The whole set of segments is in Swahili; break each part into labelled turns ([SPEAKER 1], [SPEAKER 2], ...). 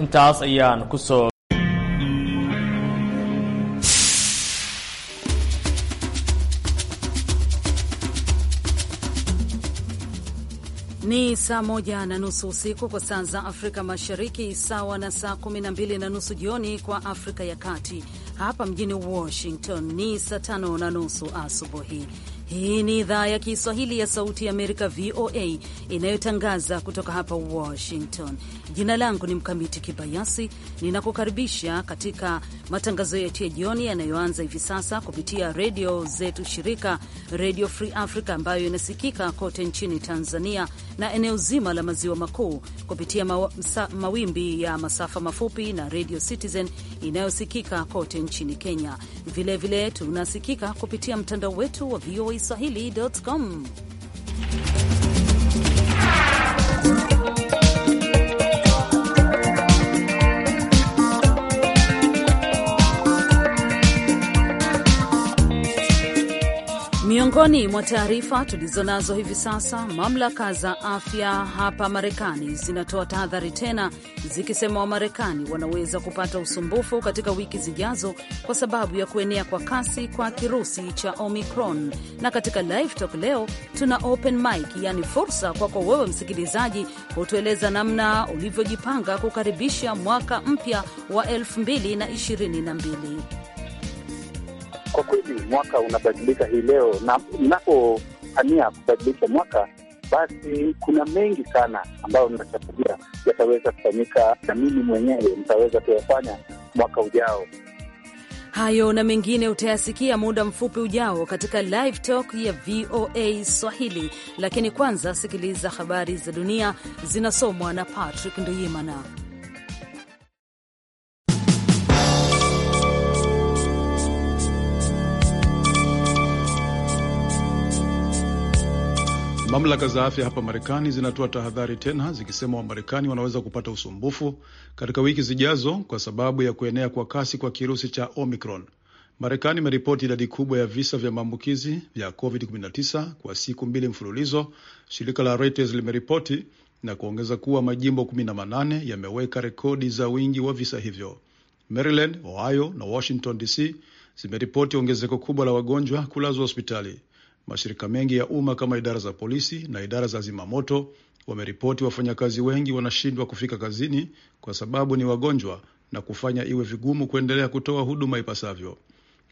[SPEAKER 1] intaas ayaan soo
[SPEAKER 2] Ni saa moja na nusu usiku kwa saa za Afrika Mashariki, sawa na saa kumi na mbili na nusu jioni kwa Afrika ya Kati. Hapa mjini Washington ni saa tano na nusu asubuhi. Hii ni idhaa ya Kiswahili ya Sauti ya Amerika, VOA, inayotangaza kutoka hapa Washington. Jina langu ni Mkamiti Kibayasi, ninakukaribisha katika matangazo yetu ya jioni yanayoanza hivi sasa kupitia redio zetu shirika, Redio Free Africa ambayo inasikika kote nchini Tanzania na eneo zima la maziwa makuu kupitia mawimbi ya masafa mafupi na Radio Citizen inayosikika kote nchini Kenya. Vilevile tunasikika kupitia mtandao wetu wa swahili.com. Miongoni mwa taarifa tulizonazo hivi sasa, mamlaka za afya hapa Marekani zinatoa tahadhari tena zikisema Wamarekani wanaweza kupata usumbufu katika wiki zijazo kwa sababu ya kuenea kwa kasi kwa kirusi cha Omicron. Na katika Live Talk leo tuna open mic, yaani fursa kwako wewe msikilizaji hutueleza namna ulivyojipanga kukaribisha mwaka mpya wa 2022.
[SPEAKER 3] Kwa kweli mwaka unabadilika hii leo, na unapopania kubadilisha mwaka, basi kuna mengi sana ambayo nachakulia yataweza kufanyika na mimi mwenyewe nitaweza kuyafanya mwaka ujao.
[SPEAKER 2] Hayo na mengine utayasikia muda mfupi ujao katika live talk ya VOA Swahili, lakini kwanza sikiliza habari za dunia zinasomwa na Patrick Nduyimana.
[SPEAKER 4] Mamlaka za afya hapa Marekani zinatoa tahadhari tena zikisema Wamarekani wanaweza kupata usumbufu katika wiki zijazo kwa sababu ya kuenea kwa kasi kwa kirusi cha Omicron. Marekani imeripoti idadi kubwa ya visa vya maambukizi vya COVID-19 kwa siku mbili mfululizo, shirika la Reuters limeripoti na kuongeza kuwa majimbo 18 yameweka rekodi za wingi wa visa hivyo. Maryland, Ohio na Washington DC zimeripoti ongezeko kubwa la wagonjwa kulazwa hospitali. Mashirika mengi ya umma kama idara za polisi na idara za zimamoto wameripoti wafanyakazi wengi wanashindwa kufika kazini kwa sababu ni wagonjwa na kufanya iwe vigumu kuendelea kutoa huduma ipasavyo.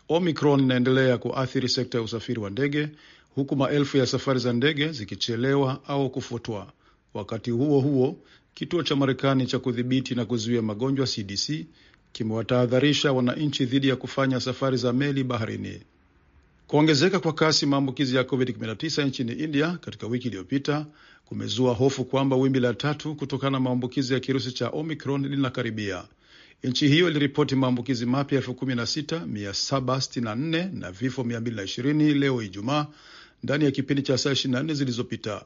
[SPEAKER 4] Omicron inaendelea kuathiri sekta ya usafiri wa ndege huku maelfu ya safari za ndege zikichelewa au kufutwa. Wakati huo huo, kituo cha Marekani cha kudhibiti na kuzuia magonjwa CDC kimewatahadharisha wananchi dhidi ya kufanya safari za meli baharini. Kuongezeka kwa kasi maambukizi ya COVID-19 nchini India katika wiki iliyopita kumezua hofu kwamba wimbi la tatu kutokana na maambukizi ya kirusi cha Omicron linakaribia. Nchi hiyo iliripoti maambukizi mapya 16764 na vifo 220 leo Ijumaa, ndani ya kipindi cha saa 24 zilizopita.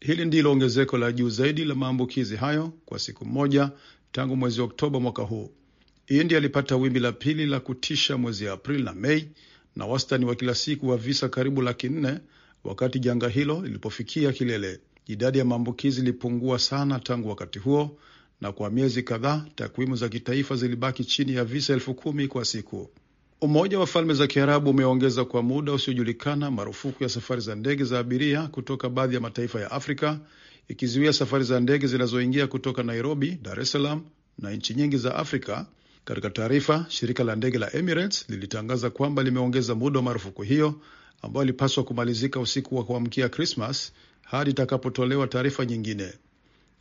[SPEAKER 4] Hili ndilo ongezeko la juu zaidi la maambukizi hayo kwa siku moja tangu mwezi Oktoba mwaka huu. India ilipata wimbi la pili la kutisha mwezi Aprili na Mei na wastani wa kila siku wa visa karibu laki nne wakati janga hilo lilipofikia kilele. Idadi ya maambukizi ilipungua sana tangu wakati huo, na kwa miezi kadhaa takwimu za kitaifa zilibaki chini ya visa elfu kumi kwa siku. Umoja wa Falme za Kiarabu umeongeza kwa muda usiojulikana marufuku ya safari za ndege za abiria kutoka baadhi ya mataifa ya Afrika, ikizuia safari za ndege zinazoingia kutoka Nairobi, Dar es Salaam na nchi nyingi za Afrika katika taarifa, shirika la ndege la Emirates lilitangaza kwamba limeongeza muda wa marufuku hiyo ambayo ilipaswa kumalizika usiku wa kuamkia Krismas hadi itakapotolewa taarifa nyingine.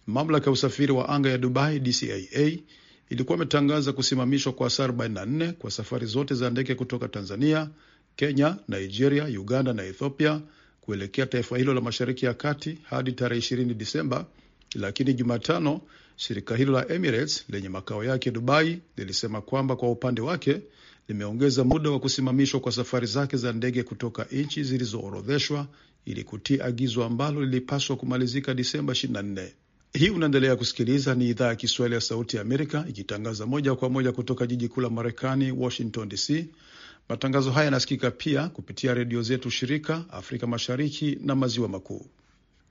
[SPEAKER 4] Mamlaka ya usafiri wa anga ya Dubai, DCAA, ilikuwa imetangaza kusimamishwa kwa saa 44 kwa safari zote za ndege kutoka Tanzania, Kenya, Nigeria, Uganda na Ethiopia kuelekea taifa hilo la Mashariki ya Kati hadi tarehe 20 Disemba, lakini Jumatano Shirika hilo la Emirates lenye makao yake Dubai lilisema kwamba kwa upande wake limeongeza muda wa kusimamishwa kwa safari zake za ndege kutoka nchi zilizoorodheshwa ili kutii agizo ambalo lilipaswa kumalizika Disemba 24. Hii unaendelea kusikiliza, ni idhaa ya Kiswahili ya Sauti ya Amerika ikitangaza moja kwa moja kutoka jiji kuu la Marekani, Washington DC. Matangazo haya yanasikika pia kupitia redio zetu shirika Afrika Mashariki na Maziwa Makuu.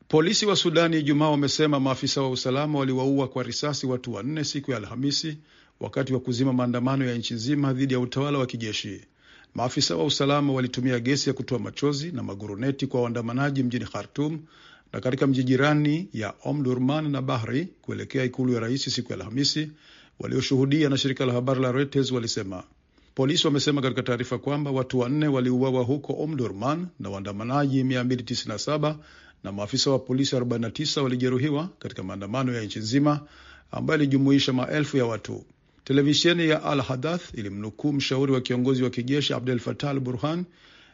[SPEAKER 4] Polisi wa Sudani Ijumaa wamesema maafisa wa usalama waliwaua kwa risasi watu wanne siku ya Alhamisi wakati wa kuzima maandamano ya nchi nzima dhidi ya utawala wa kijeshi. Maafisa wa usalama walitumia gesi ya kutoa machozi na maguruneti kwa waandamanaji mjini Khartum na katika mji jirani ya Omdurman na Bahri kuelekea ikulu ya rais siku ya Alhamisi, walioshuhudia na shirika la habari la Reuters walisema. Polisi wamesema katika taarifa kwamba watu wanne waliuawa huko Omdurman na waandamanaji 297 na maafisa wa polisi 49 walijeruhiwa katika maandamano ya nchi nzima ambayo ilijumuisha maelfu ya watu. Televisheni ya Al Hadath ilimnukuu mshauri wa kiongozi wa kijeshi Abdel Fattah Al Burhan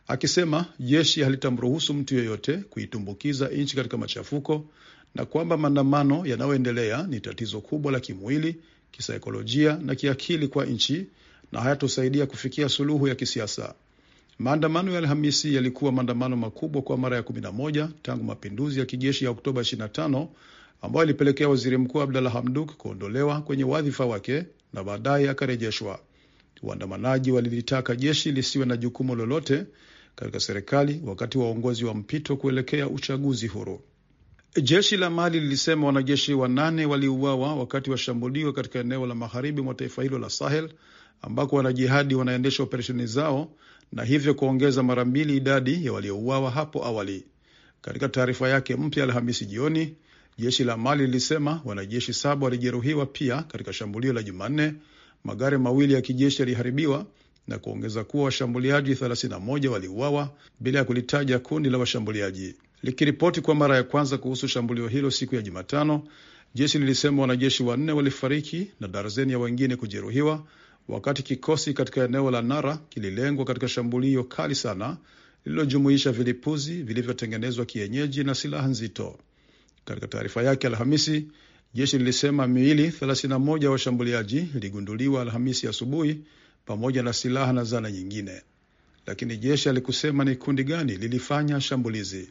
[SPEAKER 4] akisema jeshi halitamruhusu mtu yeyote kuitumbukiza nchi katika machafuko na kwamba maandamano yanayoendelea ni tatizo kubwa la kimwili, kisaikolojia na kiakili kwa nchi na hayatusaidia kufikia suluhu ya kisiasa. Maandamano ya Alhamisi yalikuwa maandamano makubwa kwa mara ya 11 tangu mapinduzi ya kijeshi ya Oktoba 25 ambayo alipelekea waziri mkuu Abdalla Hamduk kuondolewa kwenye wadhifa wake na baadaye akarejeshwa. Waandamanaji walilitaka jeshi lisiwe na jukumu lolote katika serikali wakati wa uongozi wa mpito kuelekea uchaguzi huru. Jeshi la Mali lilisema wanajeshi wanane waliuawa wakati wa shambulio katika eneo la magharibi mwa taifa hilo la Sahel ambako wanajihadi wanaendesha operesheni zao na hivyo kuongeza mara mbili idadi ya waliouawa hapo awali. Katika taarifa yake mpya Alhamisi jioni, jeshi la Mali lilisema wanajeshi saba walijeruhiwa pia katika shambulio la Jumanne. Magari mawili ya kijeshi yaliharibiwa na kuongeza kuwa washambuliaji 31 waliuawa bila ya kulitaja kundi la washambuliaji. Likiripoti kwa mara ya kwanza kuhusu shambulio hilo siku ya Jumatano, jeshi lilisema wanajeshi wanne walifariki na darzeni ya wengine kujeruhiwa wakati kikosi katika eneo la Nara kililengwa katika shambulio kali sana lililojumuisha vilipuzi vilivyotengenezwa kienyeji na silaha nzito. Katika taarifa yake Alhamisi, jeshi lilisema miili 31 ya washambuliaji iligunduliwa Alhamisi asubuhi pamoja na silaha na zana nyingine, lakini jeshi alikusema ni kundi gani lilifanya shambulizi.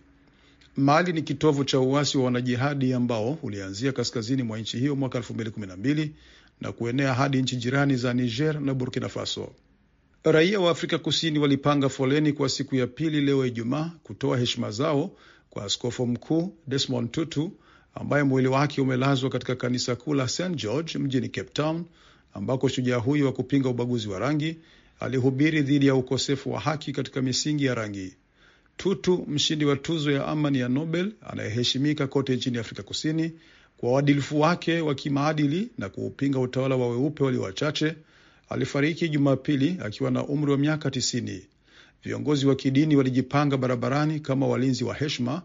[SPEAKER 4] Mali ni kitovu cha uasi wa wanajihadi ambao ulianzia kaskazini mwa nchi hiyo mwaka na kuenea hadi nchi jirani za Niger na Burkina Faso. Raia wa Afrika Kusini walipanga foleni kwa siku ya pili leo Ijumaa kutoa heshima zao kwa askofu mkuu Desmond Tutu ambaye mwili wake umelazwa katika kanisa kuu la St George mjini Cape Town, ambako shujaa huyo wa kupinga ubaguzi wa rangi alihubiri dhidi ya ukosefu wa haki katika misingi ya rangi. Tutu, mshindi wa tuzo ya amani ya Nobel anayeheshimika kote nchini Afrika Kusini, kwa uadilifu wake wa kimaadili na kuupinga utawala wa weupe walio wachache, alifariki Jumapili akiwa na umri wa miaka 90. Viongozi wa kidini walijipanga barabarani kama walinzi wa heshima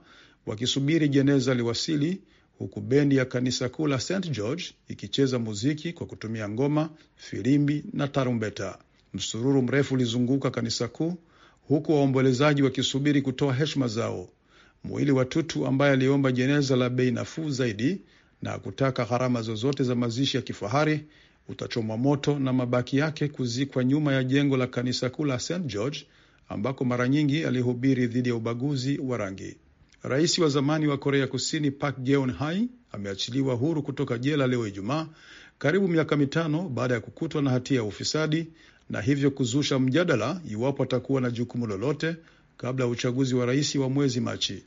[SPEAKER 4] wakisubiri jeneza liwasili, huku bendi ya kanisa kuu la St George ikicheza muziki kwa kutumia ngoma, filimbi na tarumbeta. Msururu mrefu ulizunguka kanisa kuu huku waombolezaji wakisubiri kutoa heshima zao. Mwili wa Tutu ambaye aliomba jeneza la bei nafuu zaidi na kutaka gharama zozote za mazishi ya kifahari utachomwa moto na mabaki yake kuzikwa nyuma ya jengo la kanisa kuu la St George ambako mara nyingi alihubiri dhidi ya ubaguzi wa rangi. Rais wa zamani wa Korea Kusini Park Geun-hye ameachiliwa huru kutoka jela leo Ijumaa, karibu miaka mitano baada ya kukutwa na hatia ya ufisadi na hivyo kuzusha mjadala iwapo atakuwa na jukumu lolote kabla ya uchaguzi wa rais wa mwezi Machi.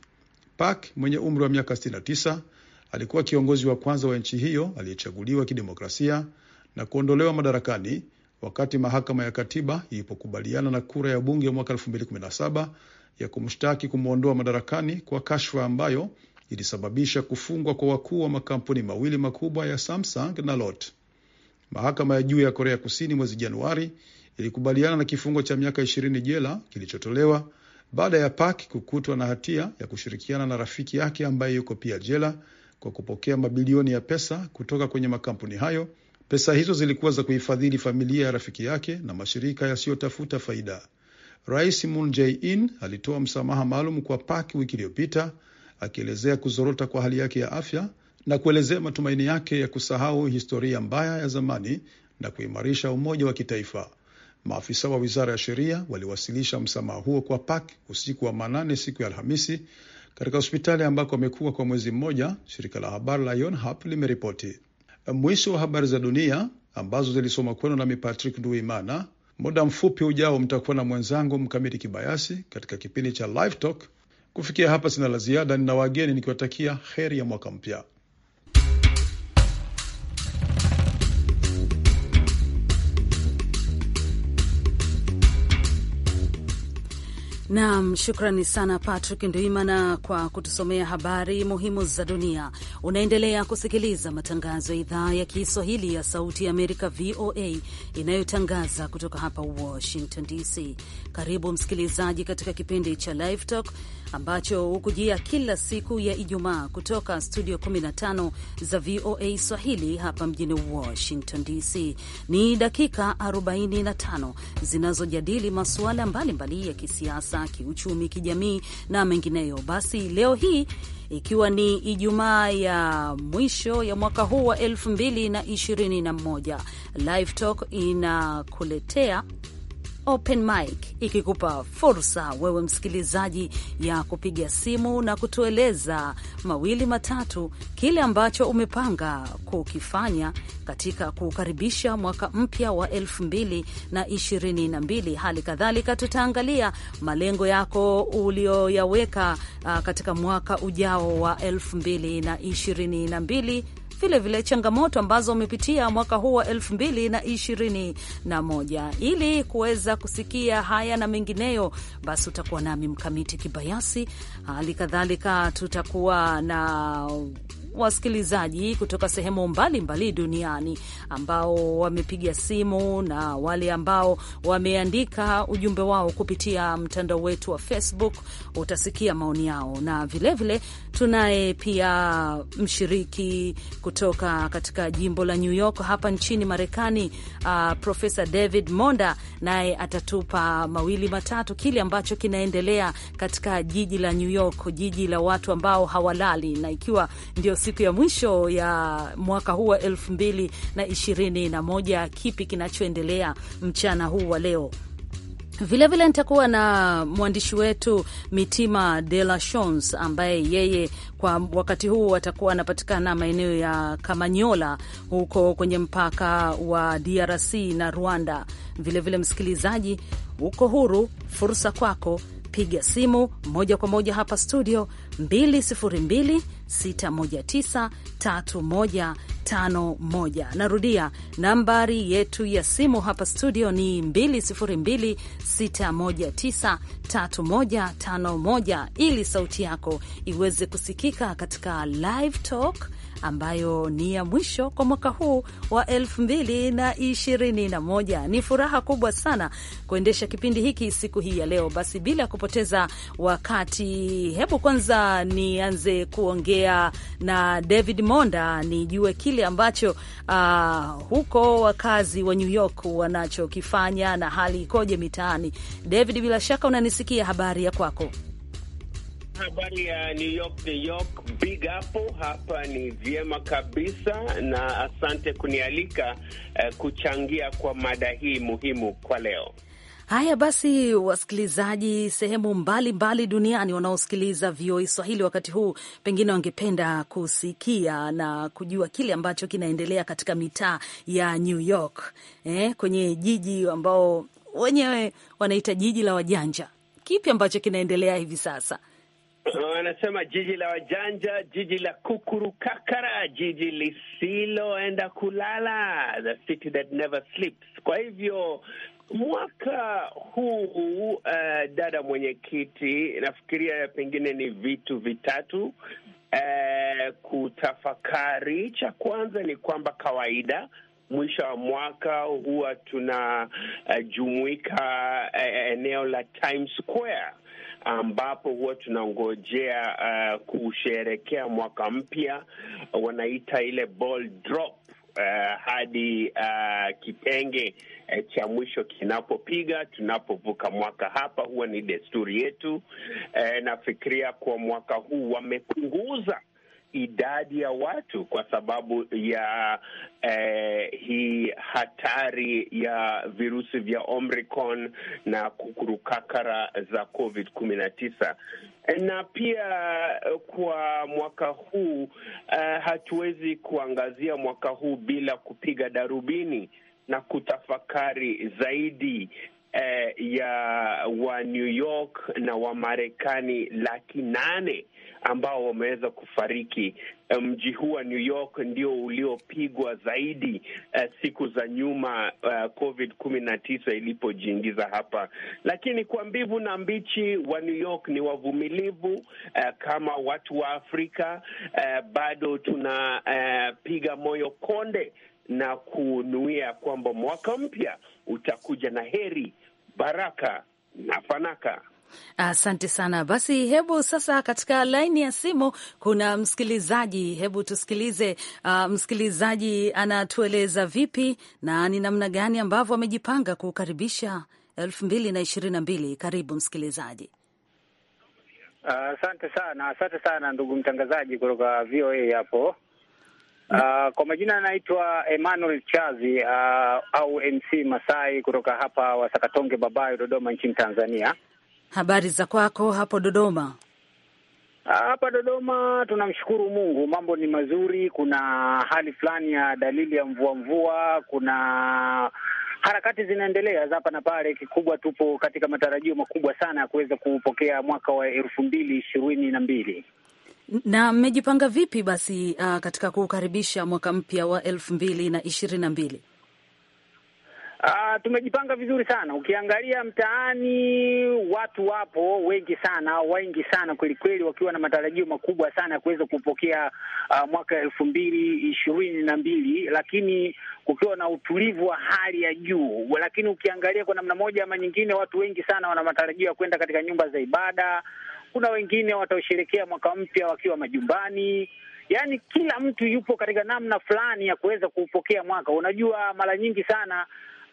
[SPEAKER 4] Park mwenye umri wa miaka alikuwa kiongozi wa kwanza wa nchi hiyo aliyechaguliwa kidemokrasia na kuondolewa madarakani wakati mahakama ya katiba ilipokubaliana na kura ya bunge mwaka 2017 ya kumshtaki kumwondoa madarakani kwa kashfa ambayo ilisababisha kufungwa kwa wakuu wa makampuni mawili makubwa ya Samsung na Lotte. Mahakama ya juu ya Korea Kusini mwezi Januari ilikubaliana na kifungo cha miaka 20 jela kilichotolewa baada ya Park kukutwa na hatia ya kushirikiana na rafiki yake ambaye yuko pia jela kwa kupokea mabilioni ya pesa kutoka kwenye makampuni hayo. Pesa hizo zilikuwa za kuhifadhili familia ya rafiki yake na mashirika yasiyotafuta faida. Rais Moon Jae-in alitoa msamaha maalum kwa Park wiki iliyopita, akielezea kuzorota kwa hali yake ya afya na kuelezea matumaini yake ya kusahau historia mbaya ya zamani na kuimarisha umoja wa kitaifa. Maafisa wa wizara ya sheria waliwasilisha msamaha huo kwa Park usiku wa manane siku ya Alhamisi katika hospitali ambako amekuwa kwa mwezi mmoja, shirika la habari la Yonhap limeripoti. Mwisho wa habari za dunia ambazo zilisoma kwenu nami Patrick Duimana. Muda mfupi ujao mtakuwa na mwenzangu Mkamiti Kibayasi katika kipindi cha Live Talk. Kufikia hapa sina la ziada, nina wageni nikiwatakia heri ya mwaka mpya.
[SPEAKER 2] Naam, shukrani sana Patrick Ndwimana kwa kutusomea habari muhimu za dunia. Unaendelea kusikiliza matangazo ya idhaa ya Kiswahili ya Sauti ya Amerika, VOA, inayotangaza kutoka hapa Washington DC. Karibu msikilizaji katika kipindi cha Live Talk ambacho hukujia kila siku ya Ijumaa kutoka studio 15 za VOA Swahili hapa mjini Washington DC. Ni dakika 45 zinazojadili masuala mbalimbali ya kisiasa, kiuchumi, kijamii na mengineyo. Basi leo hii ikiwa ni Ijumaa ya mwisho ya mwaka huu wa 2021 Live Talk inakuletea Open Mic ikikupa fursa wewe msikilizaji ya kupiga simu na kutueleza mawili matatu, kile ambacho umepanga kukifanya katika kukaribisha mwaka mpya wa elfu mbili na ishirini na mbili. Hali kadhalika tutaangalia malengo yako uliyoyaweka uh, katika mwaka ujao wa elfu mbili na ishirini na mbili vilevile changamoto ambazo wamepitia mwaka huu wa elfu mbili na ishirini na moja. Ili kuweza kusikia haya na mengineyo, basi utakuwa nami Mkamiti Kibayasi, hali kadhalika tutakuwa na wasikilizaji kutoka sehemu mbalimbali mbali duniani ambao wamepiga simu na wale ambao wameandika ujumbe wao kupitia mtandao wetu wa Facebook. Utasikia maoni yao, na vilevile tunaye pia mshiriki kutoka katika jimbo la New York hapa nchini Marekani, uh, Profesa David Monda, naye atatupa mawili matatu kile ambacho kinaendelea katika jiji la New York, jiji la watu ambao hawalali na ikiwa ndio siku ya mwisho ya mwaka huu wa elfu mbili na ishirini na moja, kipi kinachoendelea mchana huu wa leo? Vilevile nitakuwa na mwandishi wetu Mitima de la Shons ambaye yeye kwa wakati huu atakuwa anapatikana maeneo ya Kamanyola huko kwenye mpaka wa DRC na Rwanda. Vilevile vile, msikilizaji, uko huru, fursa kwako piga simu moja kwa moja hapa studio 2026193151. Narudia nambari yetu ya simu hapa studio ni 2026193151, ili sauti yako iweze kusikika katika live talk ambayo ni ya mwisho kwa mwaka huu wa 2021. Ni furaha kubwa sana kuendesha kipindi hiki siku hii ya leo. Basi bila ya kupoteza wakati, hebu kwanza nianze kuongea na David Monda nijue kile ambacho uh, huko wakazi wa New York wanachokifanya na hali ikoje mitaani. David, bila shaka unanisikia, habari ya kwako?
[SPEAKER 5] habari ya New York, New York, big hapo hapa ni vyema kabisa, na asante kunialika eh, kuchangia kwa mada hii muhimu kwa leo.
[SPEAKER 2] Haya basi, wasikilizaji sehemu mbalimbali mbali duniani wanaosikiliza VOA Swahili wakati huu, pengine wangependa kusikia na kujua kile ambacho kinaendelea katika mitaa ya New York eh, kwenye jiji ambao wenyewe wanaita jiji la wajanja. Kipi ambacho kinaendelea hivi sasa?
[SPEAKER 5] Eh, wanasema jiji la wajanja, jiji la kukurukakara, jiji lisiloenda kulala, the city that never sleeps. Kwa hivyo mwaka huu uh, dada mwenyekiti, nafikiria pengine ni vitu vitatu uh, kutafakari. Cha kwanza ni kwamba kawaida mwisho wa mwaka huwa tunajumuika uh, eneo la Times Square ambapo huwa tunangojea uh, kusherekea mwaka mpya, uh, wanaita ile ball drop uh, hadi uh, kitenge uh, cha mwisho kinapopiga tunapovuka mwaka. Hapa huwa ni desturi yetu. E, nafikiria kwa mwaka huu wamepunguza idadi ya watu kwa sababu ya eh, hii hatari ya virusi vya Omicron na kukurukakara za COVID tisa na pia eh, kwa mwaka huu eh, hatuwezi kuangazia mwaka huu bila kupiga darubini na kutafakari zaidi eh, ya wa New York na Wamarekani laki nane ambao wameweza kufariki. Eh, mji huu wa New York ndio uliopigwa zaidi eh, siku za nyuma eh, Covid kumi na tisa ilipojiingiza hapa, lakini kwa mbivu na mbichi wa New York ni wavumilivu eh, kama watu wa Afrika eh, bado tunapiga eh, moyo konde na kunuia kwamba mwaka mpya utakuja na heri baraka na fanaka.
[SPEAKER 2] Asante sana. Basi hebu sasa, katika laini ya simu kuna msikilizaji. Hebu tusikilize, uh, msikilizaji anatueleza vipi na ni namna gani ambavyo amejipanga kuukaribisha elfu mbili na ishirini na mbili. Karibu msikilizaji.
[SPEAKER 6] Asante uh, sana, asante sana ndugu mtangazaji kutoka VOA hapo Uh, kwa majina anaitwa Emmanuel Chazi uh, au MC Masai kutoka hapa Wasakatonge Babayo, Dodoma nchini Tanzania.
[SPEAKER 2] Habari za kwako hapo Dodoma?
[SPEAKER 6] Uh, hapa Dodoma tunamshukuru Mungu, mambo ni mazuri. Kuna hali fulani ya dalili ya mvua mvua, kuna harakati zinaendelea za hapa na pale. Kikubwa tupo katika matarajio makubwa sana ya kuweza kupokea mwaka wa elfu mbili ishirini na mbili.
[SPEAKER 2] Na mmejipanga vipi basi uh, katika kuukaribisha mwaka mpya wa elfu mbili na ishirini na mbili?
[SPEAKER 6] Uh, tumejipanga vizuri sana. Ukiangalia mtaani, watu wapo wengi sana, wengi sana kweli kweli, wakiwa na matarajio makubwa sana ya kuweza kupokea uh, mwaka elfu mbili ishirini na mbili, lakini kukiwa na utulivu wa hali ya juu. Lakini ukiangalia kwa namna moja ama nyingine, watu wengi sana wana matarajio ya kwenda katika nyumba za ibada kuna wengine wataosherekea mwaka mpya wakiwa majumbani. Yaani kila mtu yupo katika namna fulani ya kuweza kuupokea mwaka. Unajua, mara nyingi sana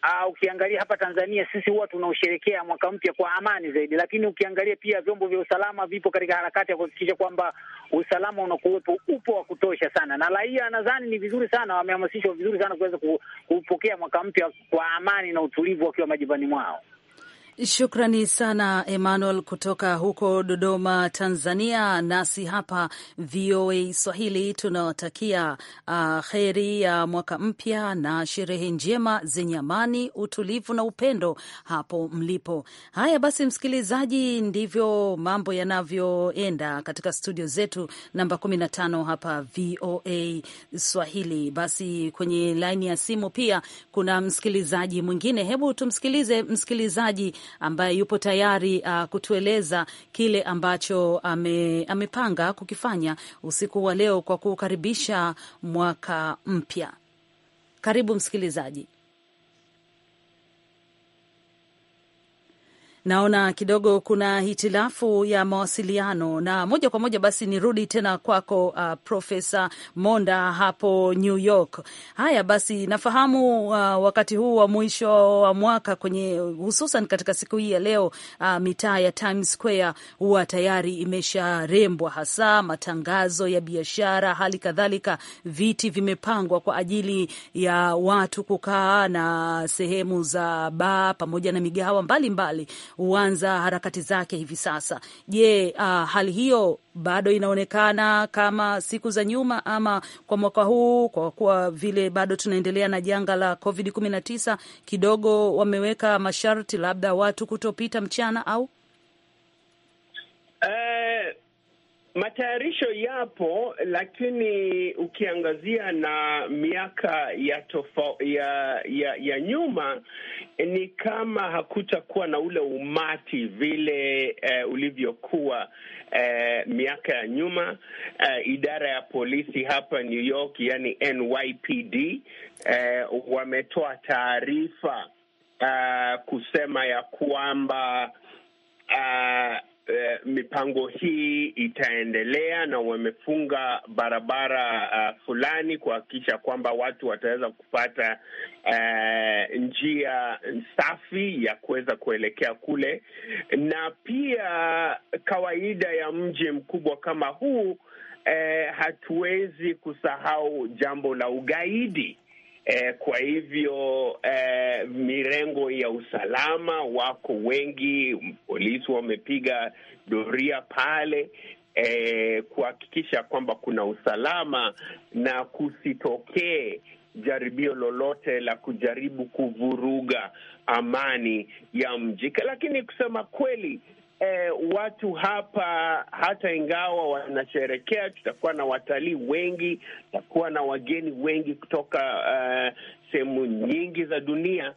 [SPEAKER 6] Uh, ukiangalia hapa Tanzania sisi huwa tunausherekea mwaka mpya kwa amani zaidi, lakini ukiangalia pia vyombo vya usalama vipo katika harakati ya kuhakikisha kwamba usalama unakuwepo, upo wa kutosha sana, na raia nadhani ni vizuri sana, wamehamasishwa vizuri sana kuweza kupokea mwaka mpya kwa amani na utulivu wakiwa majumbani mwao.
[SPEAKER 2] Shukrani sana Emmanuel kutoka huko Dodoma, Tanzania. Nasi hapa VOA Swahili tunawatakia uh, heri ya mwaka mpya na sherehe njema zenye amani, utulivu na upendo hapo mlipo. Haya basi, msikilizaji, ndivyo mambo yanavyoenda katika studio zetu namba 15 hapa VOA Swahili. Basi kwenye laini ya simu pia kuna msikilizaji mwingine, hebu tumsikilize msikilizaji ambaye yupo tayari uh, kutueleza kile ambacho ame, amepanga kukifanya usiku wa leo kwa kukaribisha mwaka mpya. Karibu msikilizaji. naona kidogo kuna hitilafu ya mawasiliano, na moja kwa moja basi nirudi tena kwako, uh, Profesa Monda hapo New York. Haya basi, nafahamu uh, wakati huu wa mwisho wa mwaka kwenye hususan katika siku hii ya leo uh, mitaa ya Times Square huwa tayari imesharembwa, hasa matangazo ya biashara, hali kadhalika viti vimepangwa kwa ajili ya watu kukaa na sehemu za baa pamoja na migahawa mbalimbali mbali huanza harakati zake hivi sasa. Je, uh, hali hiyo bado inaonekana kama siku za nyuma ama kwa mwaka huu, kwa kuwa vile bado tunaendelea na janga la COVID 19 kidogo wameweka masharti labda watu kutopita mchana au
[SPEAKER 5] eh Matayarisho yapo, lakini ukiangazia na miaka ya tofa, ya, ya ya nyuma ni kama hakutakuwa na ule umati vile eh, ulivyokuwa eh, miaka ya nyuma. Eh, idara ya polisi hapa New York, yani NYPD eh, wametoa taarifa eh, kusema ya kwamba eh, Eh, mipango hii itaendelea na wamefunga barabara uh, fulani kuhakikisha kwamba watu wataweza kupata uh, njia safi ya kuweza kuelekea kule, na pia kawaida ya mji mkubwa kama huu uh, hatuwezi kusahau jambo la ugaidi. Eh, kwa hivyo eh, mirengo ya usalama wako wengi, polisi wamepiga doria pale eh, kuhakikisha kwamba kuna usalama na kusitokee jaribio lolote la kujaribu kuvuruga amani ya mji. Lakini kusema kweli eh, watu hapa hata ingawa wanasherekea, tutakuwa na watalii wengi, tutakuwa na wageni wengi kutoka uh, sehemu nyingi za dunia.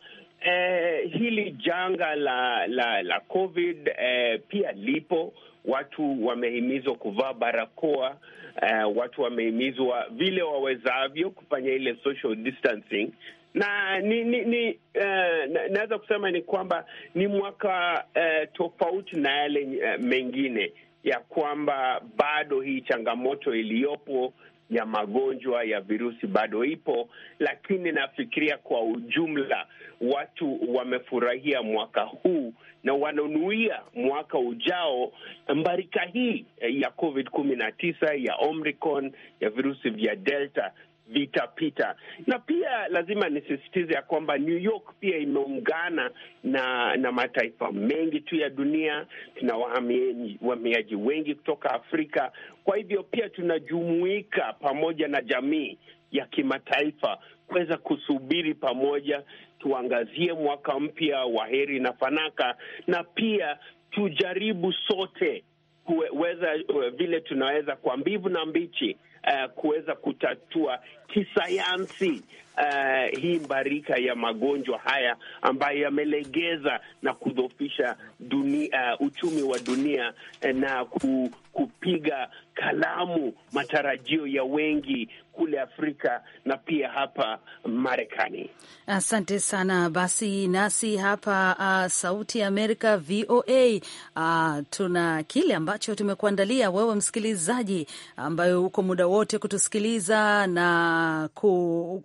[SPEAKER 5] Eh, hili janga la la, la COVID eh, pia lipo. Watu wamehimizwa kuvaa barakoa eh, watu wamehimizwa vile wawezavyo kufanya ile social distancing na ni, ni, ni uh, naweza kusema ni kwamba ni mwaka uh, tofauti na yale uh, mengine ya kwamba bado hii changamoto iliyopo ya magonjwa ya virusi bado ipo, lakini nafikiria kwa ujumla watu wamefurahia mwaka huu na wananuia mwaka ujao mbarika hii ya COVID kumi na tisa ya Omicron ya virusi vya Delta vitapita. Na pia lazima nisisitize ya kwamba New York pia imeungana na na mataifa mengi tu ya dunia. Tuna wahamiaji wengi kutoka Afrika, kwa hivyo pia tunajumuika pamoja na jamii ya kimataifa kuweza kusubiri pamoja, tuangazie mwaka mpya wa heri na fanaka, na pia tujaribu sote kuweza vile tunaweza kwa mbivu na mbichi Eh, kuweza kutatua kisayansi uh, hii mbarika ya magonjwa haya ambayo yamelegeza na kudhofisha dunia, uh, uchumi wa dunia na ku kupiga kalamu matarajio ya wengi kule Afrika na pia hapa Marekani.
[SPEAKER 2] Asante sana. Basi nasi hapa uh, Sauti ya Amerika VOA uh, tuna kile ambacho tumekuandalia wewe msikilizaji, ambayo uko muda wote kutusikiliza na ku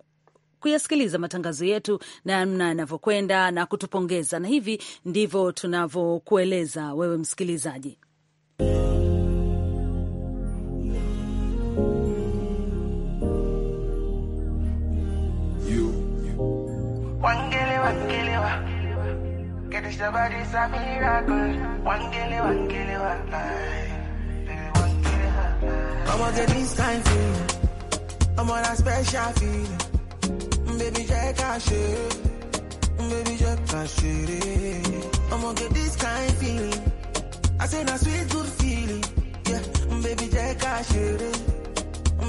[SPEAKER 2] kuyasikiliza matangazo yetu namna yanavyokwenda na kutupongeza, na hivi ndivyo tunavyokueleza wewe msikilizaji
[SPEAKER 7] one killy one. Get this body, it's a miracle. One killy, one killy one. I'ma get this kind feeling. I'm on a special feeling. Baby, check out should. Baby, check out should. I'ma get this kind feeling. I say that sweet good feeling. Yeah, baby, check out should.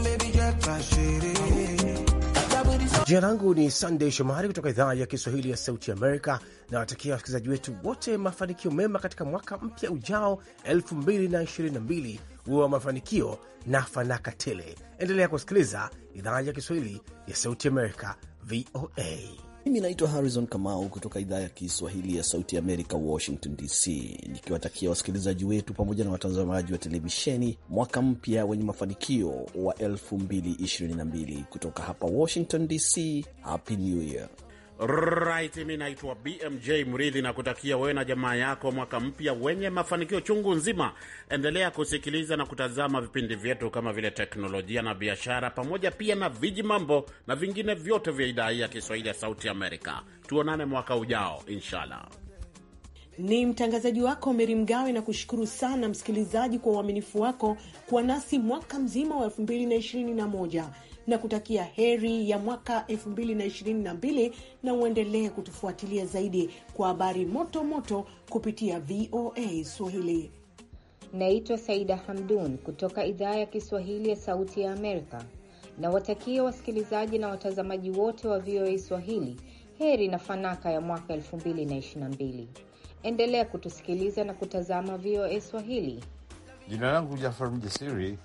[SPEAKER 7] Baby, check out should. Jina langu ni sandey Shomari kutoka idhaa ya Kiswahili ya Sauti Amerika, na watakia wasikilizaji wetu wote mafanikio mema katika mwaka mpya ujao 2022 uwe wa mafanikio na fanaka tele. Endelea kusikiliza idhaa ya Kiswahili ya Sauti Amerika, VOA.
[SPEAKER 8] Mimi naitwa Harrison Kamau kutoka idhaa ya Kiswahili ya Sauti Amerika, Washington DC, nikiwatakia wasikilizaji wetu pamoja na watazamaji wa televisheni mwaka mpya wenye mafanikio wa 2022 kutoka hapa Washington DC. Happy New Year!
[SPEAKER 5] Right, mi naitwa BMJ Mridhi na kutakia wewe na jamaa yako mwaka mpya wenye mafanikio chungu nzima. Endelea kusikiliza na kutazama vipindi vyetu kama vile teknolojia na biashara, pamoja pia na viji mambo na vingine vyote vya idhaa hii ya Kiswahili ya Sauti Amerika. Tuonane mwaka ujao inshallah.
[SPEAKER 2] Ni mtangazaji wako Meri Mgawe na kushukuru sana msikilizaji kwa uaminifu wako kuwa nasi mwaka mzima wa 2021 na kutakia heri ya mwaka 2022 na uendelee kutufuatilia zaidi kwa habari moto moto kupitia VOA Swahili. Naitwa Saida Hamdun kutoka idhaa ya Kiswahili ya
[SPEAKER 1] Sauti ya Amerika, na watakia wasikilizaji na watazamaji wote wa VOA Swahili heri na fanaka ya mwaka 2022. Endelea kutusikiliza na kutazama VOA Swahili.
[SPEAKER 4] Jina langu Jafar Mjasiri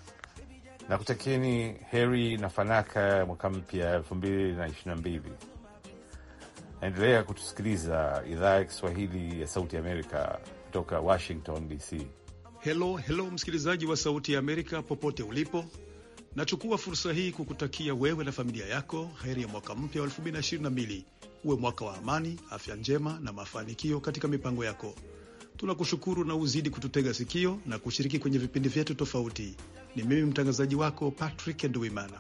[SPEAKER 4] na
[SPEAKER 5] kutakieni heri na fanaka ya mwaka mpya elfu mbili na ishirini na mbili. Naendelea kutusikiliza idhaa ya Kiswahili ya Sauti Amerika kutoka Washington DC.
[SPEAKER 4] Helo helo, msikilizaji wa Sauti ya Amerika popote ulipo, nachukua fursa hii kukutakia wewe na familia yako heri ya mwaka mpya wa 222 Uwe mwaka wa amani, afya njema na mafanikio katika mipango yako. Tunakushukuru na uzidi kututega sikio na kushiriki kwenye vipindi vyetu tofauti. Ni mimi mtangazaji wako Patrick Nduwimana.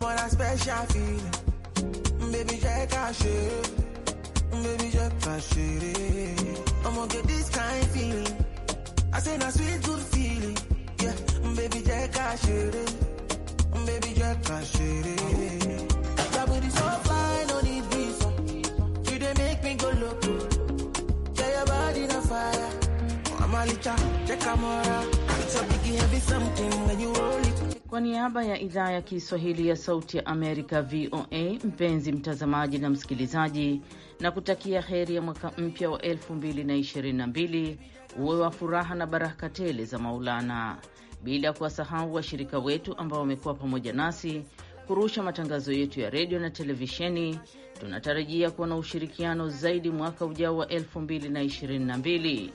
[SPEAKER 2] Kwa niaba ya idhaa ya Kiswahili ya Sauti ya Amerika, VOA, mpenzi mtazamaji na msikilizaji, na kutakia heri ya mwaka mpya wa 2022 uwe wa furaha na baraka tele za Maulana, bila kuwasahau washirika wetu ambao wamekuwa pamoja nasi kurusha matangazo yetu ya redio na televisheni. Tunatarajia kuwa na ushirikiano zaidi mwaka ujao wa 2022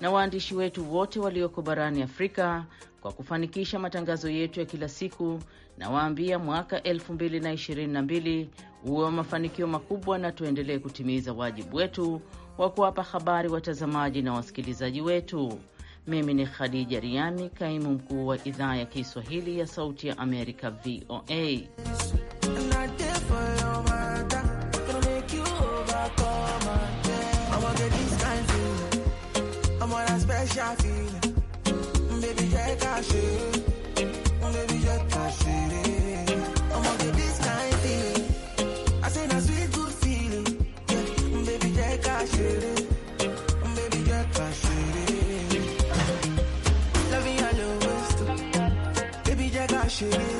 [SPEAKER 2] na waandishi wetu wote walioko barani Afrika kwa kufanikisha matangazo yetu ya kila siku, na waambia mwaka 2022 uwe wa mafanikio makubwa, na tuendelee kutimiza wajibu wetu wa kuwapa habari watazamaji na wasikilizaji wetu. Mimi ni Khadija Riami, kaimu mkuu wa idhaa ya Kiswahili ya Sauti ya Amerika, VOA.
[SPEAKER 7] pressure feel. Baby, jẹ́ cache ṣe Baby, jẹ́ ká ṣe é. Ọmọ bíi this kind feeling. I say na sweet good feeling. Yeah. Baby, jẹ́ ká ṣe Baby, jẹ́ ká ṣe é. Loving you always. Baby, jẹ́ ká ṣe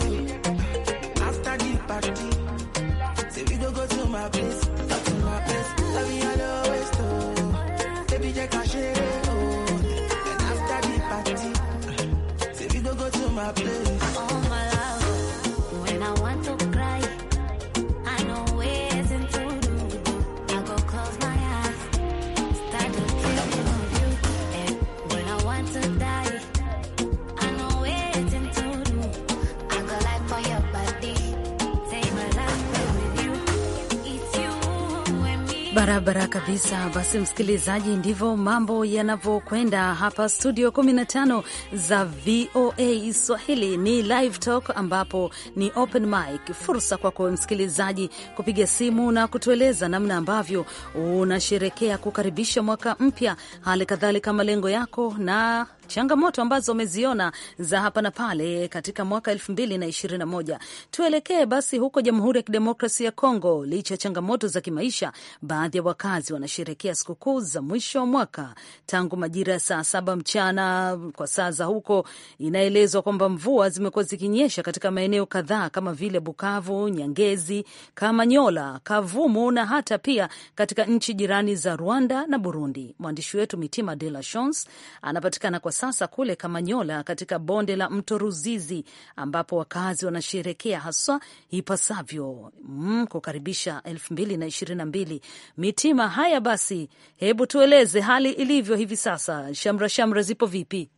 [SPEAKER 2] kabisa. Basi msikilizaji, ndivyo mambo yanavyokwenda hapa studio 15 za VOA Swahili. Ni live talk, ambapo ni open mic, fursa kwako msikilizaji kupiga simu na kutueleza namna ambavyo unasherekea kukaribisha mwaka mpya, hali kadhalika malengo yako na changamoto ambazo umeziona za hapa na pale katika mwaka elfu mbili na ishirini na moja. Tuelekee basi huko Jamhuri ya Kidemokrasia ya Kongo. Licha ya changamoto za kimaisha, baadhi ya wakazi wanasherekea sikukuu za mwisho wa mwaka tangu majira ya saa saba mchana kwa saa za huko. Inaelezwa kwamba mvua zimekuwa zikinyesha katika maeneo kadhaa kama vile Bukavu, Nyangezi, Kamanyola, Kavumu na hata pia katika nchi jirani za Rwanda na Burundi. Mwandishi wetu Mitima De La Chance anapatikana kwa sasa kule Kamanyola katika bonde la mto Ruzizi, ambapo wakazi wanasherekea haswa ipasavyo mm, kukaribisha elfu mbili na ishirini na mbili. Mitima, haya basi, hebu tueleze hali ilivyo hivi sasa. Shamra shamra zipo vipi?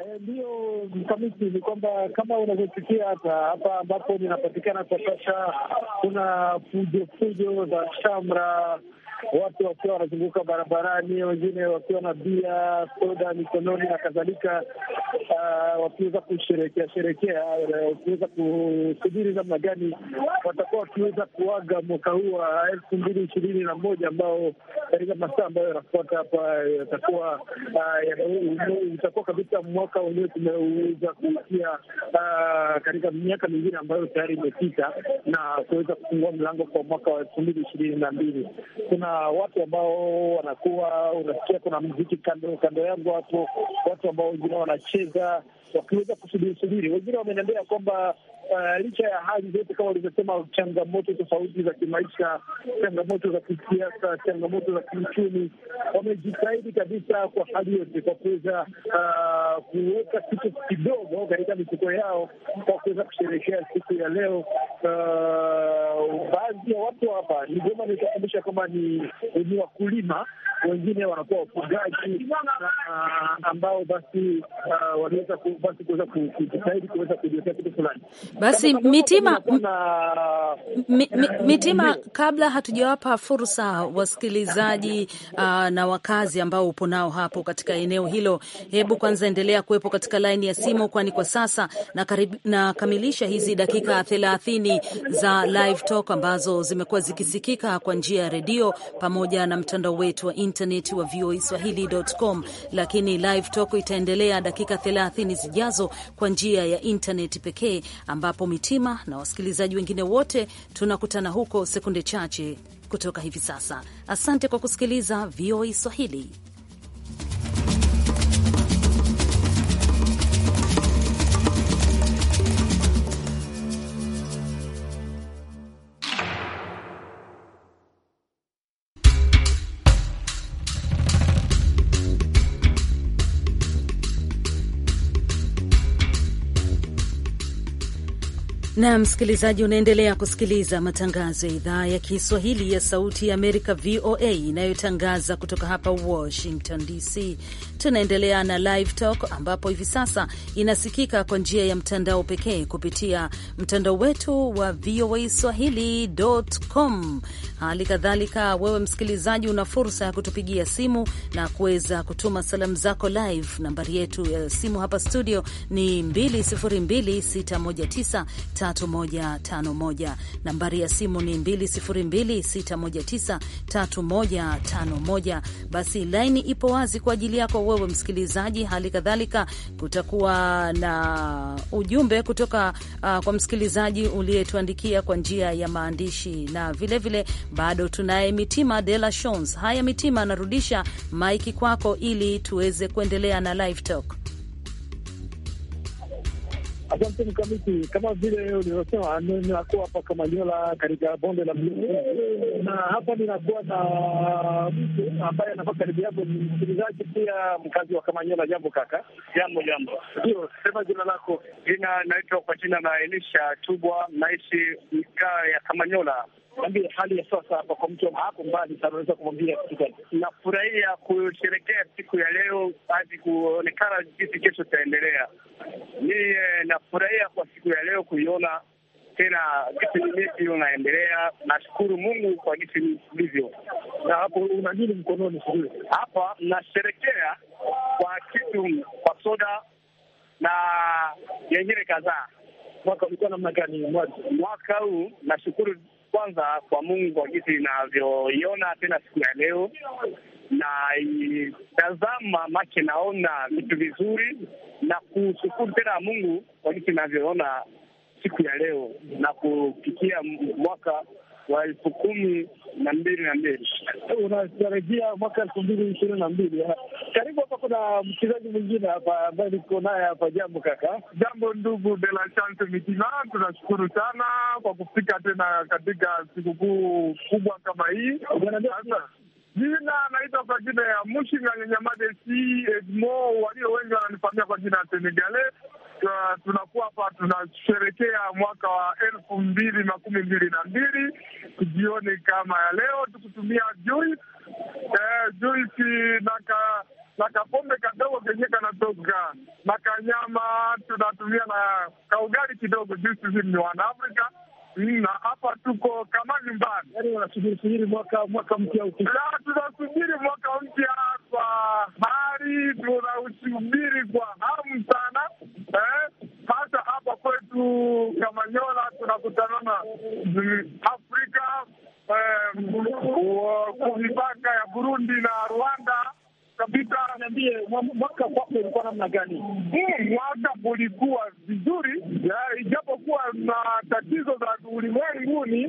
[SPEAKER 3] Eh, Ndiyo mkamiti, ni kwamba kama unavyosikia hata hapa ambapo ninapatikana kwa sasa, kuna fujo fujo za shamra watu wakiwa wanazunguka barabarani, wengine wakiwa na bia, soda mikononi na kadhalika, wakiweza kusherekea sherekea, eh, wakiweza kusubiri namna gani watakuwa wakiweza kuaga mwaka huu wa elfu mbili ishirini na moja ambao katika masaa ambayo yanafuata hapa eh, yatakuwa ah, utakuwa kabisa mwaka wenyewe tumeweza kuitia ah, katika miaka mingine ambayo tayari imepita na kuweza kufungua mlango kwa mwaka wa elfu mbili ishirini na mbili. Kuna watu ambao wanakuwa unasikia, kuna mziki kando kando yangu hapo, watu ambao wengine wanacheza wakiweza kusubiri subiri. Wengine wameniambia kwamba uh, licha ya hali zote kama ulivyosema, changamoto tofauti za kimaisha, changamoto za kisiasa, changamoto za kiuchumi, wamejitahidi kabisa kwa hali yote kwa kuweza uh, kuweka kitu kidogo katika mifuko yao kwa kuweza kusherehekea siku ya leo. Uh, baadhi ya watu hapa ni vyema nitakumbusha kwamba ni, ni wakulima wengine wanakuwa wafugaji ambao basi uh, waliweza basi kuweza kujitahidi kuweza kujiwekea kitu fulani.
[SPEAKER 2] Basi Mitima,
[SPEAKER 3] eh,
[SPEAKER 2] Mitima, eh, kabla hatujawapa fursa wasikilizaji uh, na wakazi ambao upo nao hapo katika eneo hilo, hebu kwanza endelea kuwepo katika laini ya simu, kwani kwa sasa nakamilisha na hizi dakika thelathini za live talk ambazo zimekuwa zikisikika kwa njia ya redio pamoja na mtandao wetu wa internet wa swahilicom lakini live talk itaendelea dakika thelathini zijazo kwa njia ya internet pekee ambazo ambapo Mitima na wasikilizaji wengine wote tunakutana huko sekunde chache kutoka hivi sasa. Asante kwa kusikiliza VOA Swahili. na msikilizaji, unaendelea kusikiliza matangazo ya idhaa ya Kiswahili ya Sauti ya Amerika, VOA, inayotangaza kutoka hapa Washington DC tunaendelea na live talk ambapo hivi sasa inasikika kwa njia ya mtandao pekee kupitia mtandao wetu wa VOA Swahili.com. Hali kadhalika, wewe msikilizaji, una fursa ya kutupigia simu na kuweza kutuma salamu zako live. Nambari yetu ya simu hapa studio ni 2026193151. Nambari ya simu ni 2026193151. Basi laini ipo wazi kwa ajili yako wewe wewe msikilizaji. Hali kadhalika kutakuwa na ujumbe kutoka uh, kwa msikilizaji uliyetuandikia kwa njia ya maandishi, na vilevile vile, bado tunaye Mitima de la Shons. Haya Mitima, anarudisha maiki kwako ili tuweze kuendelea na live talk.
[SPEAKER 3] Asante mkamiti, kama vile ulivyosema, ninakuwa hapa Kamanyola katika bonde la Mlima, na hapa ninakuwa na mtu ambaye anakuwa karibu yako, msikilizaji pia mkazi wa Kamanyola. Jambo kaka. Jambo jambo. Ndio, sema jina lako. Jina naitwa kwa jina la Elisha Tubwa, naishi mikaa ya Kamanyola ambie hali ya sasa hapa kwa mtu hapo mbali sana, unaweza kumwambia kitu gani? Nafurahia kusherekea siku ya leo hadi kuonekana jinsi kesho itaendelea. Mie nafurahia kwa siku ya leo kuiona tena gisi unaendelea. Nashukuru Mungu kwa gisi livyo. Na hapo una nini mkononi? Sijui hapa nasherekea kwa kitu, kwa soda na yengine kadhaa. Mwaka ulikuwa namna gani? Mwaka huu nashukuru kwanza kwa Mungu kwa jinsi ninavyoiona tena siku ya leo na itazama make, naona vitu vizuri na kushukuru tena Mungu kwa jinsi ninavyoona siku ya leo na kufikia mwaka wa elfu kumi na mbili na mbili unatarajia mwaka elfu mbili ishirini na mbili. Eh? Karibu hapa, kuna mchezaji mwingine hapa ambaye niko naye hapa. Jambo kaka. Jambo ndugu de la chance mitima, tunashukuru sana kwa kufika tena katika sikukuu kubwa kama hii. Jina anaitwa kwa jina ya Mushinga Nyenyamade si Edmo, walio wengi wananifamia kwa jina ya Senegale tunakuwa hapa tunasherekea mwaka wa elfu mbili makumi mbili na mbili jioni kama ya leo, tukutumia juisi eh, na ka na kapombe kadogo kenye kanatoka na kanyama, tunatumia na kaugali kidogo. Juisi hizi ni wanaafrika na hapa tuko kama nyumbani, yaani wanasubiri subiri mwaka mwaka mpya huku, tunasubiri mwaka mpya kwa hari, tunausubiri kwa hamu sana eh? hapa kwetu Kamanyola tunakutana na Afrika eh, mipaka ya Burundi na Rwanda kabisa, niambie mwaka kwako ulikuwa namna gani? Eh. mwaka ulikuwa vizuri, ijapokuwa na tatizo za ulimwenguni,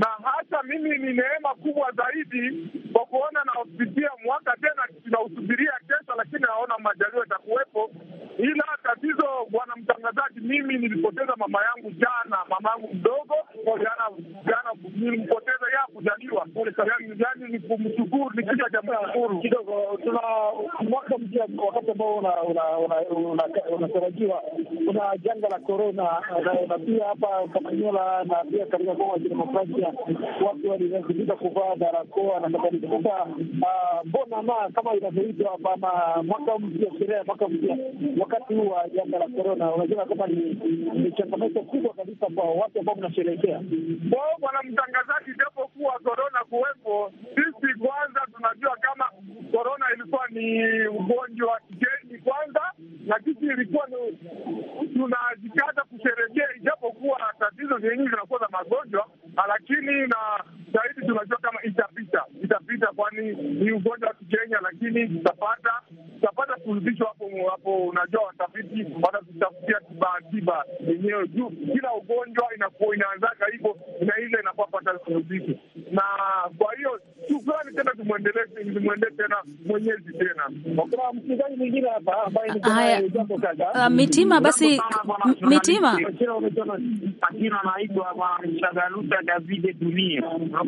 [SPEAKER 3] na hata mimi ni neema kubwa zaidi kwa kuona naupitia mwaka tena, tunausubiria kesho, lakini naona majaliwa yatakuwepo. ila tatizo, bwana mtangazaji, mimi nilipoteza mama yangu jana, mama yangu mdogo jana, jana nilimpoteza kuzaliwa yani ni kumshukuru, ni kitu cha kushukuru kidogo. Tuna mwaka mpya, wakati ambao unatarajiwa kuna janga la korona, na pia hapa Kamanyola na pia katika Kongo ya Kidemokrasia watu walilazimika kuvaa barakoa na kadhalika. Sasa ah, mbona ma kama inavyoitwa hapa ama mwaka mpya, sherehe ya mwaka mpya wakati huu wa janga la korona, unajua kama ni changamoto kubwa kabisa kwa watu ambao mnasherehekea. Bwana mtangazaji, japokuwa mlipuko wa korona kuwepo, sisi kwanza tunajua kama korona ilikuwa ni ugonjwa wa kigeni kwanza, na sisi ilikuwa tunajikaza kusherehekea, ijapokuwa tatizo zenyewe zinakuwa za magonjwa, lakini na zaidi tunajua kama itapita, itapita, kwani ni ugonjwa wa kigeni, lakini tutapata tutapata kurudishwa hapo hapo. Unajua, watafiti watatutafutia tiba yenyewe juu kila ugonjwa inaanzaga hivyo, na ile inakuwa pata kurudishwa na kwa hiyo shukrani tena, tumwendee tena Mwenyezi tena. Kuna msikilizaji mwingine hapa ambaye ah, Mitima. Basi Mitima akina anaitwa Mshagaluta Davide Dunia,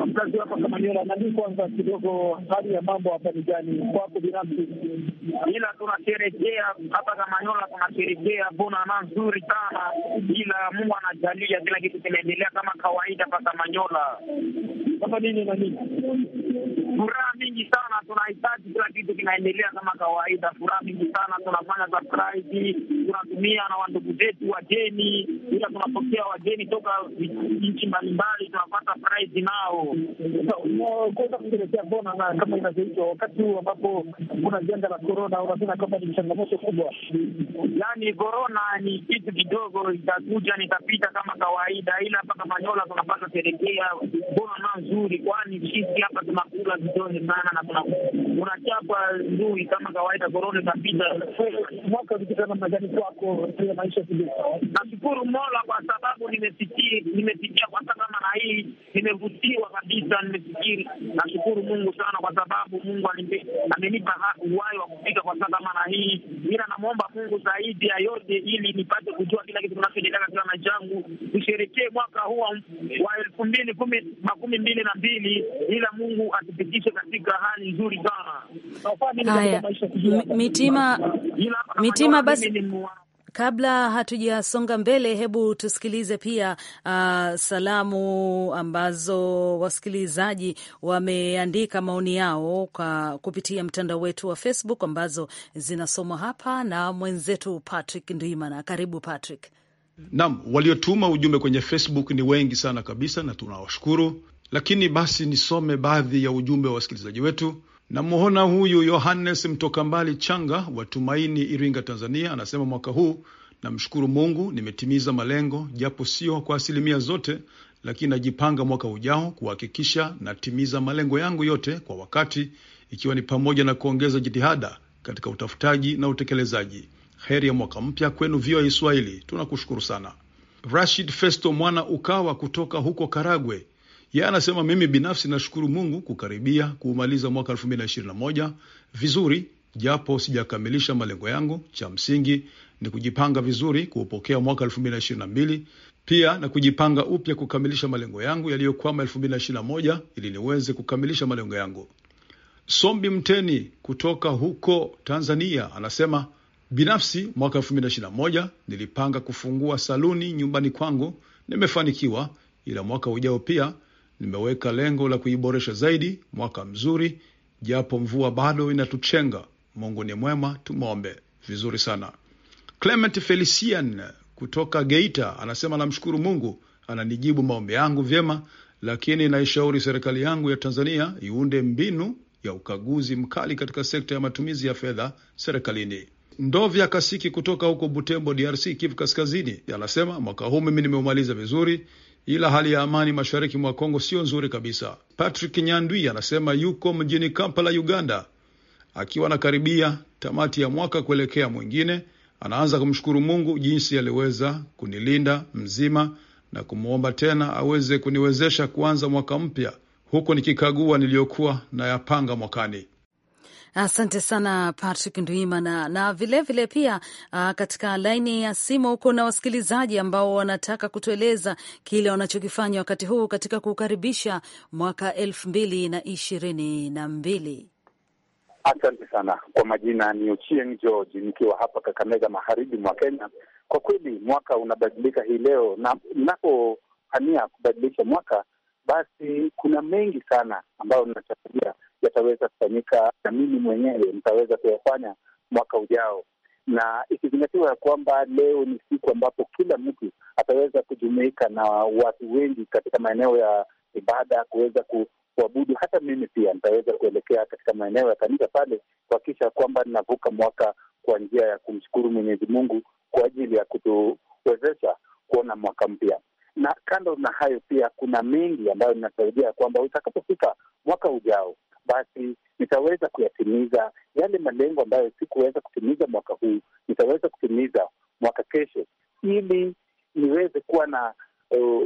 [SPEAKER 3] mkazi hapa Kamanyola. Nanii, kwanza kidogo, hali ya mambo hapa ni gani kwako binafsi? Ila tunasherehekea hapa Kamanyola, bonana nzuri sana, ila Mungu anajalia kila kitu kinaendelea kama kawaida hapa Kamanyola. nini na nini furaha mingi sana tunahitaji, kila kitu kinaendelea kama kawaida, furaha mingi sana tunafanya surprise, tunatumia na wandugu zetu wageni, ila tunapokea wageni toka nchi mbalimbali, tunapata surprise nao kuweza kuteletea bona na kama inavyoitwa wakati huu ambapo kuna janga la korona, unasema kwamba ni changamoto kubwa, yani korona ni kitu kidogo, itakuja nitapita kama kawaida, ila hapa Kamanyola tunapata kuelekea bona na nzuri, kwani sisi hapa tuna kula vidonge sana na kuna unachapa ndui kama kawaida, korona ikapita, mwaka ukikutana majani kwako ya maisha kidogo. Nashukuru Mola kwa sababu nimefikiri, nimefikia kwa sababu kama na hii nimevutiwa kabisa, nimefikiri. Nashukuru Mungu sana kwa sababu Mungu amenipa uhai wa kufika kwa sababu kama na hii, ila namwomba Mungu zaidi ya yote ili nipate kujua kila kitu kinachoendelea katika maisha yangu, nisherekee mwaka huu wa elfu mbili makumi mbili na mbili ila Mungu akipitisha katika hali nzuri sana. Haya, Mitima,
[SPEAKER 2] Mitima, basi kabla hatujasonga mbele, hebu tusikilize pia uh, salamu ambazo wasikilizaji wameandika maoni yao kwa kupitia mtandao wetu wa Facebook ambazo zinasomwa hapa na mwenzetu Patrick Ndwimana. Karibu Patrick.
[SPEAKER 4] Naam, waliotuma ujumbe kwenye Facebook ni wengi sana kabisa, na tunawashukuru. Lakini basi nisome baadhi ya ujumbe wa wasikilizaji wetu. Namwona huyu Yohannes mtoka mbali changa tumaini Iringa, Tanzania, anasema mwaka huu namshukuru Mungu nimetimiza malengo, japo sio kwa asilimia zote, lakini najipanga mwaka ujao kuhakikisha natimiza malengo yangu yote kwa wakati, ikiwa ni pamoja na kuongeza jitihada katika utafutaji na utekelezaji. Heri ya mwaka mpya kwenu VOA Swahili, tunakushukuru sana. Rashid Festo mwana Ukawa kutoka huko Karagwe yeye anasema mimi binafsi nashukuru Mungu kukaribia kuumaliza mwaka 2021 vizuri, japo sijakamilisha malengo yangu. Cha msingi ni kujipanga vizuri kuupokea mwaka 2022 pia na kujipanga upya kukamilisha malengo yangu yaliyokwama 2021 ili niweze kukamilisha malengo yangu. Sombi Mteni kutoka huko Tanzania anasema binafsi, mwaka 2021 nilipanga kufungua saluni nyumbani kwangu, nimefanikiwa, ila mwaka ujao pia nimeweka lengo la kuiboresha zaidi mwaka mzuri, japo mvua bado inatuchenga. Mungu ni mwema, tumwombe. Vizuri sana. Clement Felician kutoka Geita anasema namshukuru Mungu ananijibu maombi yangu vyema, lakini naishauri serikali yangu ya Tanzania iunde mbinu ya ukaguzi mkali katika sekta ya matumizi ya fedha serikalini. Ndovya Kasiki kutoka huko Butembo, DRC, Kivu Kaskazini, anasema mwaka huu mimi nimeumaliza vizuri, ila hali ya amani mashariki mwa Kongo sio nzuri kabisa. Patrick Nyandwi anasema yuko mjini Kampala, Uganda, akiwa anakaribia tamati ya mwaka kuelekea mwingine. Anaanza kumshukuru Mungu jinsi aliweza kunilinda mzima na kumwomba tena aweze kuniwezesha kuanza mwaka mpya huko nikikagua niliyokuwa nayapanga mwakani.
[SPEAKER 2] Asante sana Patrick Ndwimana na vilevile vile pia uh, katika laini ya simu huko na wasikilizaji ambao wanataka kutueleza kile wanachokifanya wakati huu katika kuukaribisha mwaka elfu mbili na ishirini na mbili.
[SPEAKER 8] Asante sana kwa majina,
[SPEAKER 3] ni Uchieng George nikiwa hapa Kakamega, magharibi mwa Kenya. Kwa kweli mwaka unabadilika hii leo, na inapohania kubadilisha mwaka, basi kuna mengi sana ambayo ninachakulia yataweza kufanyika na mimi mwenyewe nitaweza kuyafanya mwaka ujao, na ikizingatiwa ya kwamba leo ni siku ambapo kila mtu ataweza kujumuika na watu wengi katika maeneo ya ibada kuweza ku kuabudu. Hata mimi pia nitaweza kuelekea katika maeneo ya kanisa pale kuhakikisha kwamba ninavuka mwaka kwa njia ya kumshukuru Mwenyezi Mungu kwa ajili ya kutuwezesha kuona mwaka mpya. Na kando na hayo, pia kuna mengi ambayo inasaidia kwamba utakapofika mwaka ujao basi nitaweza kuyatimiza yale malengo ambayo sikuweza kutimiza mwaka huu, nitaweza kutimiza mwaka kesho, ili niweze kuwa na uh,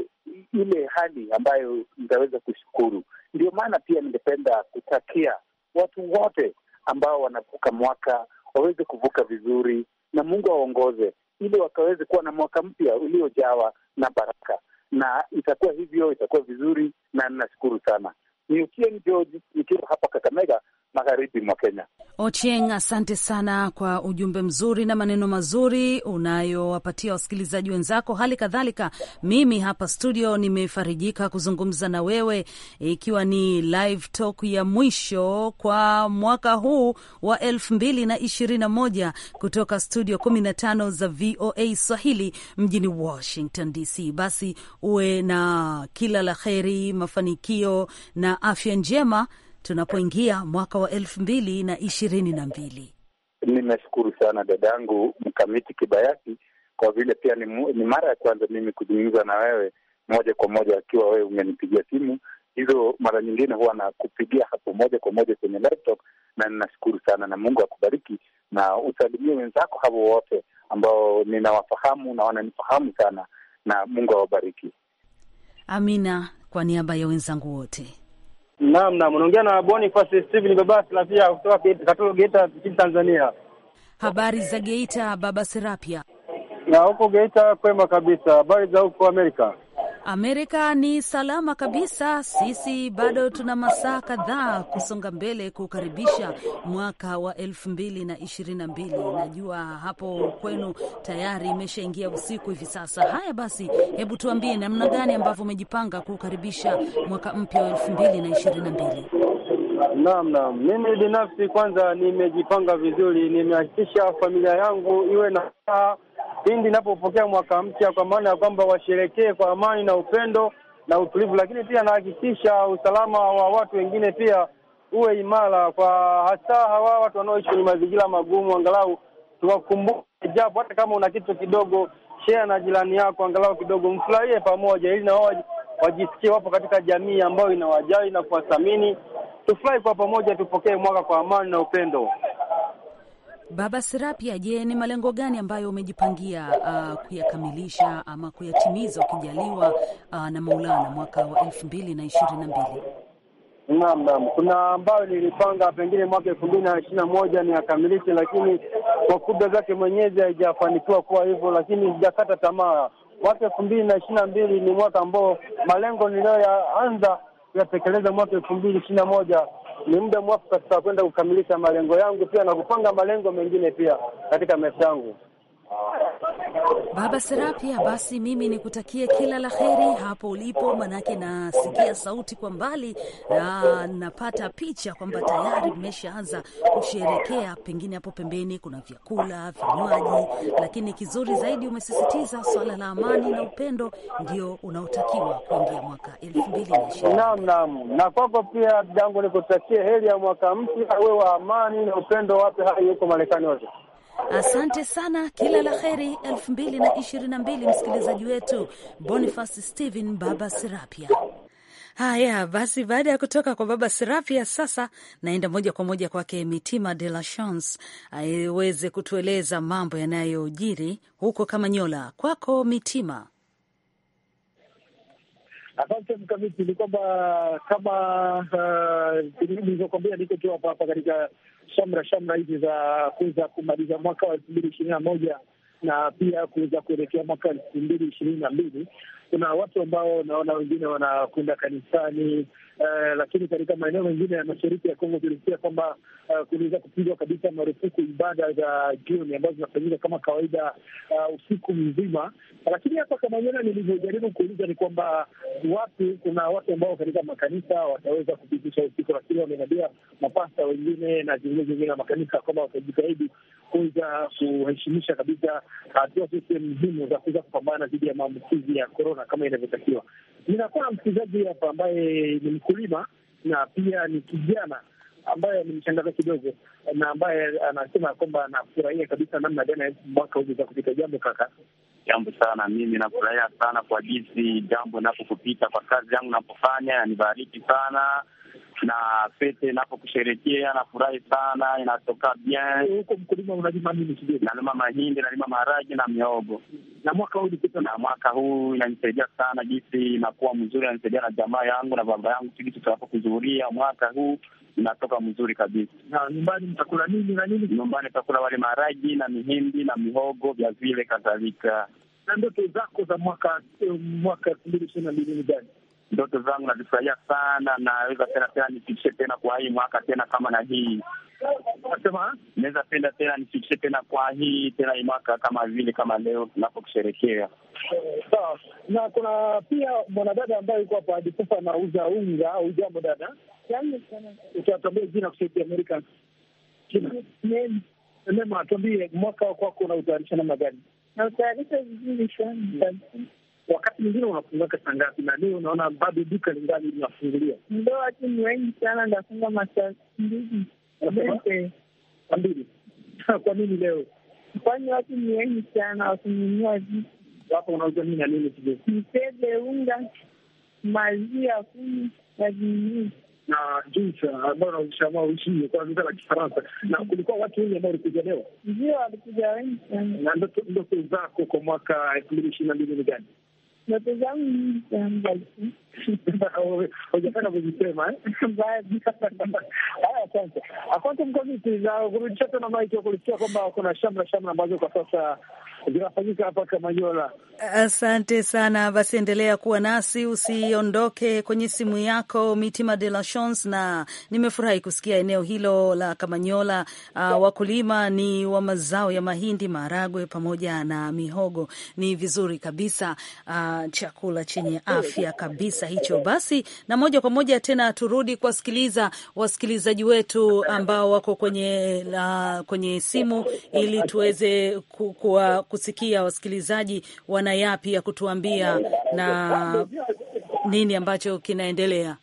[SPEAKER 3] ile hali ambayo nitaweza kushukuru. Ndio maana pia ningependa kutakia watu wote ambao wanavuka mwaka waweze kuvuka vizuri, na Mungu aongoze ili wakaweze kuwa na mwaka mpya uliojawa na baraka, na itakuwa hivyo, itakuwa vizuri, na ninashukuru sana. Ni Otieno George nikiwa hapa Kakamega magharibi mwa Kenya.
[SPEAKER 2] Ochieng, asante sana kwa ujumbe mzuri na maneno mazuri unayowapatia wasikilizaji wenzako. Hali kadhalika mimi hapa studio nimefarijika kuzungumza na wewe, ikiwa ni live talk ya mwisho kwa mwaka huu wa elfu mbili na ishirini na moja kutoka studio 15 za VOA Swahili mjini Washington DC. Basi uwe na kila la heri, mafanikio na afya njema tunapoingia mwaka wa elfu mbili na ishirini na mbili.
[SPEAKER 3] Nimeshukuru sana dadangu Mkamiti Kibayasi kwa vile pia ni, ni mara ya kwanza mimi kuzungumza na wewe moja kwa moja, akiwa wewe umenipigia simu hizo. Mara nyingine huwa nakupigia hapo moja kwa moja kwenye laptop, na ninashukuru sana, na Mungu akubariki, na usalimie wenzako hapo wote ambao ninawafahamu na wananifahamu
[SPEAKER 9] sana, na Mungu awabariki.
[SPEAKER 2] Amina, kwa niaba ya wenzangu wote.
[SPEAKER 9] Naam, naam, unaongea na Boniface Steven Babasi na pia kutoka Katoro Geita nchini Tanzania.
[SPEAKER 2] Habari za Geita, Baba Serapia? Na huko Geita kwema
[SPEAKER 9] kabisa. Habari za huko Amerika?
[SPEAKER 2] Amerika ni salama kabisa. Sisi bado tuna masaa kadhaa kusonga mbele kukaribisha mwaka wa elfu mbili na ishirini na mbili. Najua hapo kwenu tayari imeshaingia usiku hivi sasa. Haya basi, hebu tuambie namna gani ambavyo umejipanga kuukaribisha mwaka mpya wa elfu mbili na ishirini na mbili.
[SPEAKER 9] Naam, naam, mimi binafsi kwanza nimejipanga vizuri, nimehakikisha familia yangu iwe na pindi inapopokea mwaka mpya, kwa maana ya kwamba washerekee kwa amani na upendo na utulivu, lakini pia anahakikisha usalama wa watu wengine pia uwe imara, kwa hasa hawa watu wanaoishi kwenye mazingira magumu. Angalau tuwakumbuke, japo hata kama una kitu kidogo, share na jirani yako, angalau kidogo mfurahie pamoja, ili na wao wajisikie wapo katika jamii ambayo inawajali na kuwathamini. Tufurahi kwa pamoja, tupokee mwaka kwa amani na upendo.
[SPEAKER 2] Baba Sirapia, je, ni malengo gani ambayo umejipangia uh, kuyakamilisha ama kuyatimiza ukijaliwa uh, na Maulana mwaka wa elfu mbili na ishirini na mbili?
[SPEAKER 9] Naam, naam, kuna ambayo nilipanga pengine mwaka elfu mbili na ishirini na moja niyakamilishe, lakini kwa kudra zake Mwenyezi haijafanikiwa kuwa hivyo, lakini sijakata tamaa. Mwaka elfu mbili na ishirini na mbili ni mwaka ambao malengo niliyoyaanza kuyatekeleza mwaka elfu mbili ishirini na moja ni muda mwafaka sasa kwenda kukamilisha malengo yangu pia na kupanga malengo mengine pia katika maisha yangu. Baba Serapia, basi
[SPEAKER 2] mimi nikutakie kila la heri hapo ulipo, manake nasikia sauti kwa mbali na napata picha kwamba tayari mmeshaanza kusherekea. Pengine hapo pembeni kuna vyakula, vinywaji, lakini kizuri zaidi umesisitiza swala la amani na upendo ndio unaotakiwa kuingia mwaka elfu mbili na ishirini. Naam, naam. Na
[SPEAKER 9] kwako pia, jangu nikutakie heri ya mwaka mpya, uwe wa amani na upendo, wape hai huko Marekani wote.
[SPEAKER 2] Asante sana, kila la heri elfu na msikilizaji wetu Boniface Stephen Baba Serapia. Haya basi, baada ya kutoka kwa Baba Serapia, sasa naenda moja kwa moja kwake Mitima de la Chance aweze kutueleza mambo yanayojiri huko Kamanyola. Kwako Mitima.
[SPEAKER 3] Asante mkamiti, ni kwamba kama nilivyokwambia, uh, niko tu hapa hapa katika shamra shamra hizi za kuweza kumaliza mwaka wa elfu mbili ishirini na moja na pia kuweza kuelekea mwaka elfu mbili ishirini na mbili kuna watu ambao naona wengine wanakwenda kanisani uh, lakini katika maeneo mengine ya mashariki ya Kongo tulisikia kwamba uh, kuliweza kupigwa kabisa marufuku ibada za jioni ambazo zinafanyika kama kawaida uh, usiku mzima. Lakini hapa Kamanyola nilivyojaribu kuuliza ni kwamba watu, kuna watu ambao katika makanisa wataweza kupitisha usiku, lakini wameniambia mapasta wengine na viongozi wengine wa makanisa kwamba watajitahidi kuweza kuheshimisha kabisa hatua zote muhimu za kuweza kupambana dhidi ya maambukizi ya korona kuona kama inavyotakiwa. Ninakuwa na msikilizaji hapa ambaye ni mkulima na pia ni kijana ambaye nimshangaza kidogo na ambaye anasema kwamba anafurahia kabisa namna gani mwaka uliweza kupita. Jambo kaka.
[SPEAKER 8] Jambo sana, mimi nafurahia sana kwa jinsi jambo inapokupita kwa kazi yangu napofanya, nibariki sana
[SPEAKER 3] na fete inapokusherekea nafurahi sana, inatoka bien huko. Mkulima unalima nini? Sijui nalima mahindi, nalima maharage na miogo. Na mwaka huu kitu na mwaka huu inanisaidia sana, jinsi inakuwa mzuri, inanisaidia na jamaa yangu na baba yangu, kitu tunapo kuzuhuria mwaka huu inatoka mzuri kabisa. Na nyumbani mtakula nini na nini? Nyumbani tutakula wale maharage na mihindi na mihogo vya vile kadhalika. Na ndoto zako za mwaka elfu mbili ishirini na mbili ni gani? ndoto zangu nazifurahia sana, naweza tena tena nifikishe tena kwa hii mwaka tena kama na hii nasema naweza penda tena nifikishe tena kwa hii tena hii mwaka kama vile kama leo tunapokusherekea. Sawa. Na kuna pia mwanadada ambaye yuko hapa hadi sasa anauza unga. Hujambo dada? utatambia jina kusaidia Amerika Nema, atuambie mwaka wako unautayarisha namna gani? Nautayarisha vizuri sana wakati mwingine unafunguka saa ngapi? Na leo unaona bado duka lingali linafungulia. Ndo watu ni wengi sana, ndafunga masaa mbili Kwa nini leo? Kwani watu ni wengi sana wakununua vitu Wapo Unauza nini na nini? Kidogo mkebe, unga, maziwa kumi na vinii na juisi ambayo naushamaa uishie kwa lugha la Kifaransa. Na kulikuwa watu wengi ambao walikuja leo, ndio walikuja wengi sana. Na ndoto zako kwa mwaka elfu mbili ishirini na mbili ni gani? Ndoto zangu nyingi hujataka kuzisema. Eh? Haya, asante. Asante mkamiti na kurudisha tena maiki kulisikia kwamba kuna shamra shamra ambazo kwa sasa zinafanyika hapa Kamanyola.
[SPEAKER 2] Asante sana, basi endelea kuwa nasi, usiondoke kwenye simu yako. Mitima de la Chance, na nimefurahi kusikia eneo hilo la Kamanyola, uh, ah, wakulima ni wa mazao ya mahindi, maharagwe pamoja na mihogo. Ni vizuri kabisa, uh, chakula chenye afya kabisa hicho. Basi na moja kwa moja tena turudi kuwasikiliza wasikilizaji wetu ambao wako kwenye, uh, kwenye simu ili tuweze kuwa kusikia wasikilizaji wana yapi ya kutuambia na nini ambacho kinaendelea.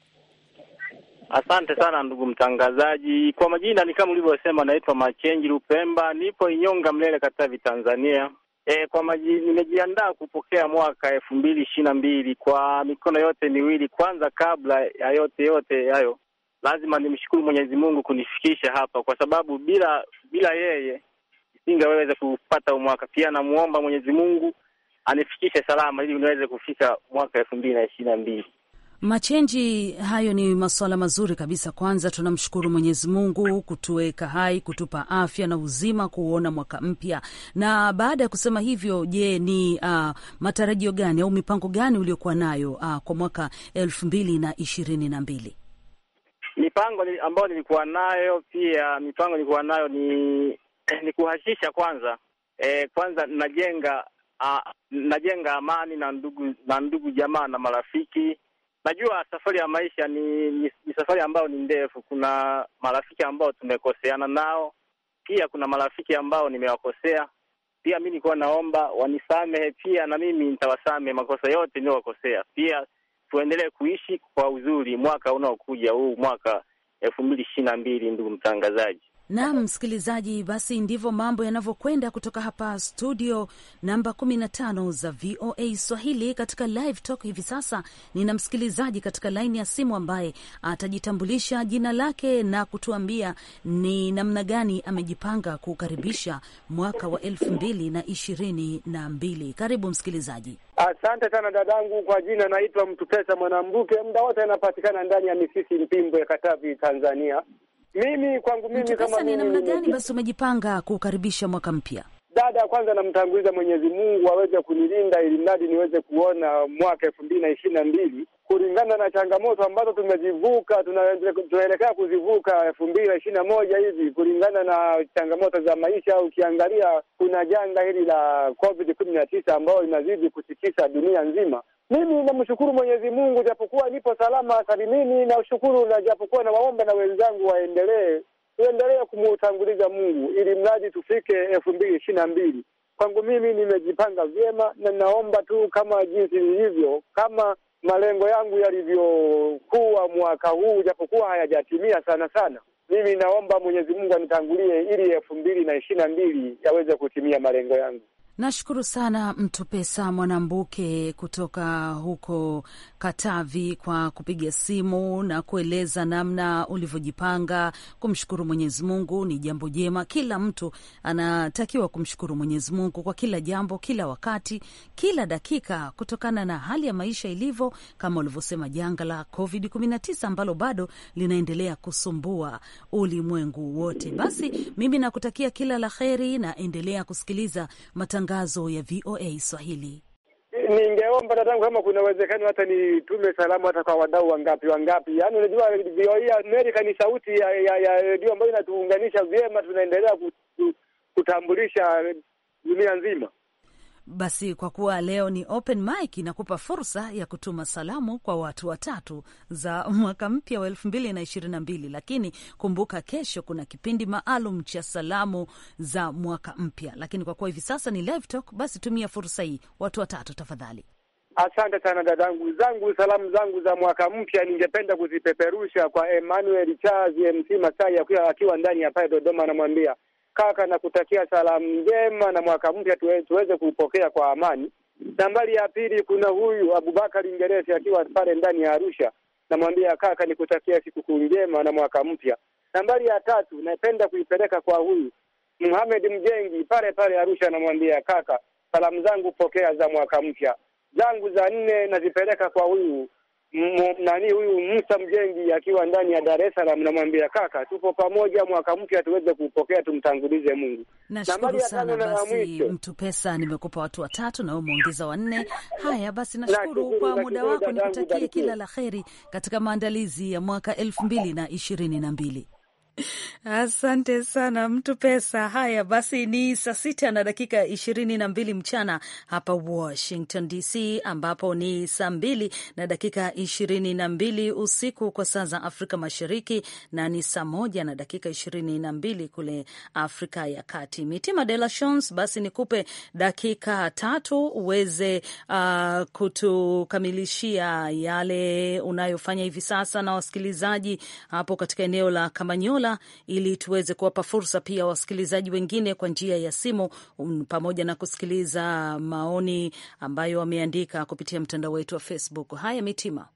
[SPEAKER 1] Asante sana ndugu mtangazaji. Kwa majina ni kama ulivyosema, naitwa Machenji Lupemba, nipo Inyonga, Mlele, Katavi, Tanzania. E, kwa maji, nimejiandaa kupokea mwaka elfu mbili ishirini na mbili kwa mikono yote miwili. Kwanza, kabla ya yote yote hayo, lazima nimshukuru Mwenyezi Mungu kunifikisha hapa, kwa sababu bila bila yeye singeweza kupata mwaka Pia namwomba Mwenyezi Mungu anifikishe salama ili niweze kufika mwaka elfu mbili na ishirini na mbili.
[SPEAKER 2] Machenji, hayo ni masuala mazuri kabisa. Kwanza tunamshukuru Mwenyezi Mungu kutuweka hai, kutupa afya na uzima, kuona mwaka mpya. Na baada ya kusema hivyo, je, ni uh, matarajio gani au mipango gani uliokuwa nayo uh, kwa mwaka elfu mbili na ishirini na mbili?
[SPEAKER 1] Mipango ambayo nilikuwa nayo pia, mipango nilikuwa nayo ni eh, ni kuhakikisha kwanza eh, kwanza najenga a, ah, najenga amani na ndugu na ndugu jamaa na marafiki. Najua safari ya maisha ni, ni, ni safari ambayo ni ndefu. Kuna marafiki ambao tumekoseana nao, pia kuna marafiki ambao nimewakosea pia. Mi nilikuwa naomba wanisamehe pia, na mimi nitawasamehe makosa yote niliyowakosea. Pia tuendelee kuishi kwa uzuri mwaka unaokuja huu, mwaka elfu mbili ishirini na mbili. Ndugu mtangazaji,
[SPEAKER 2] Naam, msikilizaji, basi ndivyo mambo yanavyokwenda kutoka hapa studio namba 15 za VOA Swahili katika live talk. Hivi sasa nina msikilizaji katika laini ya simu ambaye atajitambulisha jina lake na kutuambia ni namna gani amejipanga kukaribisha mwaka wa elfu mbili na ishirini na mbili. Karibu msikilizaji.
[SPEAKER 9] Asante sana dadangu, kwa jina naitwa Mtupesa Mwanambuke, muda wote anapatikana ndani ya misisi mpimbo ya Katavi, Tanzania. Mimi kwangu mimi kama ni namna gani basi
[SPEAKER 2] umejipanga kuukaribisha mwaka mpya?
[SPEAKER 9] Dada, kwanza namtanguliza Mwenyezi Mungu aweze kunilinda ili mradi niweze kuona mwaka elfu mbili na ishirini na mbili kulingana na changamoto ambazo tumezivuka, tunaelekea kuzivuka elfu mbili na ishirini na moja hivi, kulingana na changamoto za maisha. Ukiangalia kuna janga hili la COVID kumi na tisa ambayo inazidi kutikisa dunia nzima. Mimi namshukuru Mwenyezi Mungu, japokuwa nipo salama salimini, nashukuru na japokuwa na waomba na wenzangu waendelee tuendelee kumutanguliza Mungu ili mradi tufike elfu mbili ishirini na mbili. Kwangu mimi nimejipanga vyema, na naomba tu kama jinsi ilivyo, kama malengo yangu yalivyokuwa mwaka huu, japokuwa hayajatimia sana sana, mimi naomba Mwenyezi Mungu anitangulie ili elfu mbili na ishirini na mbili yaweze kutimia malengo yangu.
[SPEAKER 2] Nashukuru sana Mtu Pesa Mwanambuke kutoka huko Katavi kwa kupiga simu na kueleza namna ulivyojipanga. Kumshukuru Mwenyezi Mungu ni jambo jema, kila mtu anatakiwa kumshukuru Mwenyezi Mungu kwa kila jambo, kila wakati, kila dakika, kutokana na hali ya maisha ilivyo, kama ulivyosema, janga la Covid 19 ambalo bado linaendelea kusumbua ulimwengu wote. Basi mimi nakutakia kila la heri, na endelea kusikiliza matangazo ya VOA Swahili
[SPEAKER 9] ningeomba tatangu kama kuna uwezekano hata nitume salamu hata kwa wadau wangapi wangapi. Yaani unajua redio Amerika ni sauti ya ya redio ambayo inatuunganisha vyema, tunaendelea kutambulisha dunia nzima.
[SPEAKER 2] Basi kwa kuwa leo ni open mic, inakupa fursa ya kutuma salamu kwa watu watatu za mwaka mpya wa elfu mbili na ishirini na mbili. Lakini kumbuka, kesho kuna kipindi maalum cha salamu za mwaka mpya, lakini kwa kuwa hivi sasa ni live talk, basi tumia fursa hii, watu watatu tafadhali.
[SPEAKER 9] Asante sana dadangu zangu, salamu zangu za mwaka mpya ningependa kuzipeperusha kwa Emmanuel Charles MC Masai akiwa ndani ya pale Dodoma, anamwambia kaka, na kutakia salamu njema na mwaka mpya tuwe, tuweze kuupokea kwa amani. Nambari ya pili kuna huyu Abubakari Ngeresi akiwa pale ndani ya Arusha, namwambia kaka, nikutakia sikukuu njema na mwaka mpya. Nambari ya tatu napenda kuipeleka kwa huyu Muhamed Mjengi pale pale Arusha, namwambia kaka, salamu zangu pokea za mwaka mpya. Zangu za nne nazipeleka kwa huyu nani huyu Musa Mjengi akiwa ndani ya Dar es Salaam, namwambia kaka, tupo pamoja, mwaka mpya tuweze kupokea, tumtangulize Mungu.
[SPEAKER 2] Nashukuru sana basi, mtu pesa, nimekupa watu watatu na wewe umeongeza wanne. Haya basi, nashukuru na kwa muda wako, nikutakie kila la heri katika maandalizi ya mwaka elfu mbili na ishirini na mbili. Asante sana mtu pesa. Haya basi, ni saa sita na dakika ishirini na mbili mchana hapa Washington DC, ambapo ni saa mbili na dakika ishirini na mbili usiku kwa saa za Afrika Mashariki, na ni saa moja na dakika ishirini na mbili kule Afrika ya Kati. Mitima de la Shons, basi nikupe dakika tatu uweze uh, kutukamilishia yale unayofanya hivi sasa na wasikilizaji hapo katika eneo la Kamanyola Mandela ili tuweze kuwapa fursa pia wasikilizaji wengine kwa njia ya simu um, pamoja na kusikiliza maoni ambayo wameandika kupitia mtandao wetu wa Facebook. Haya, Mitima.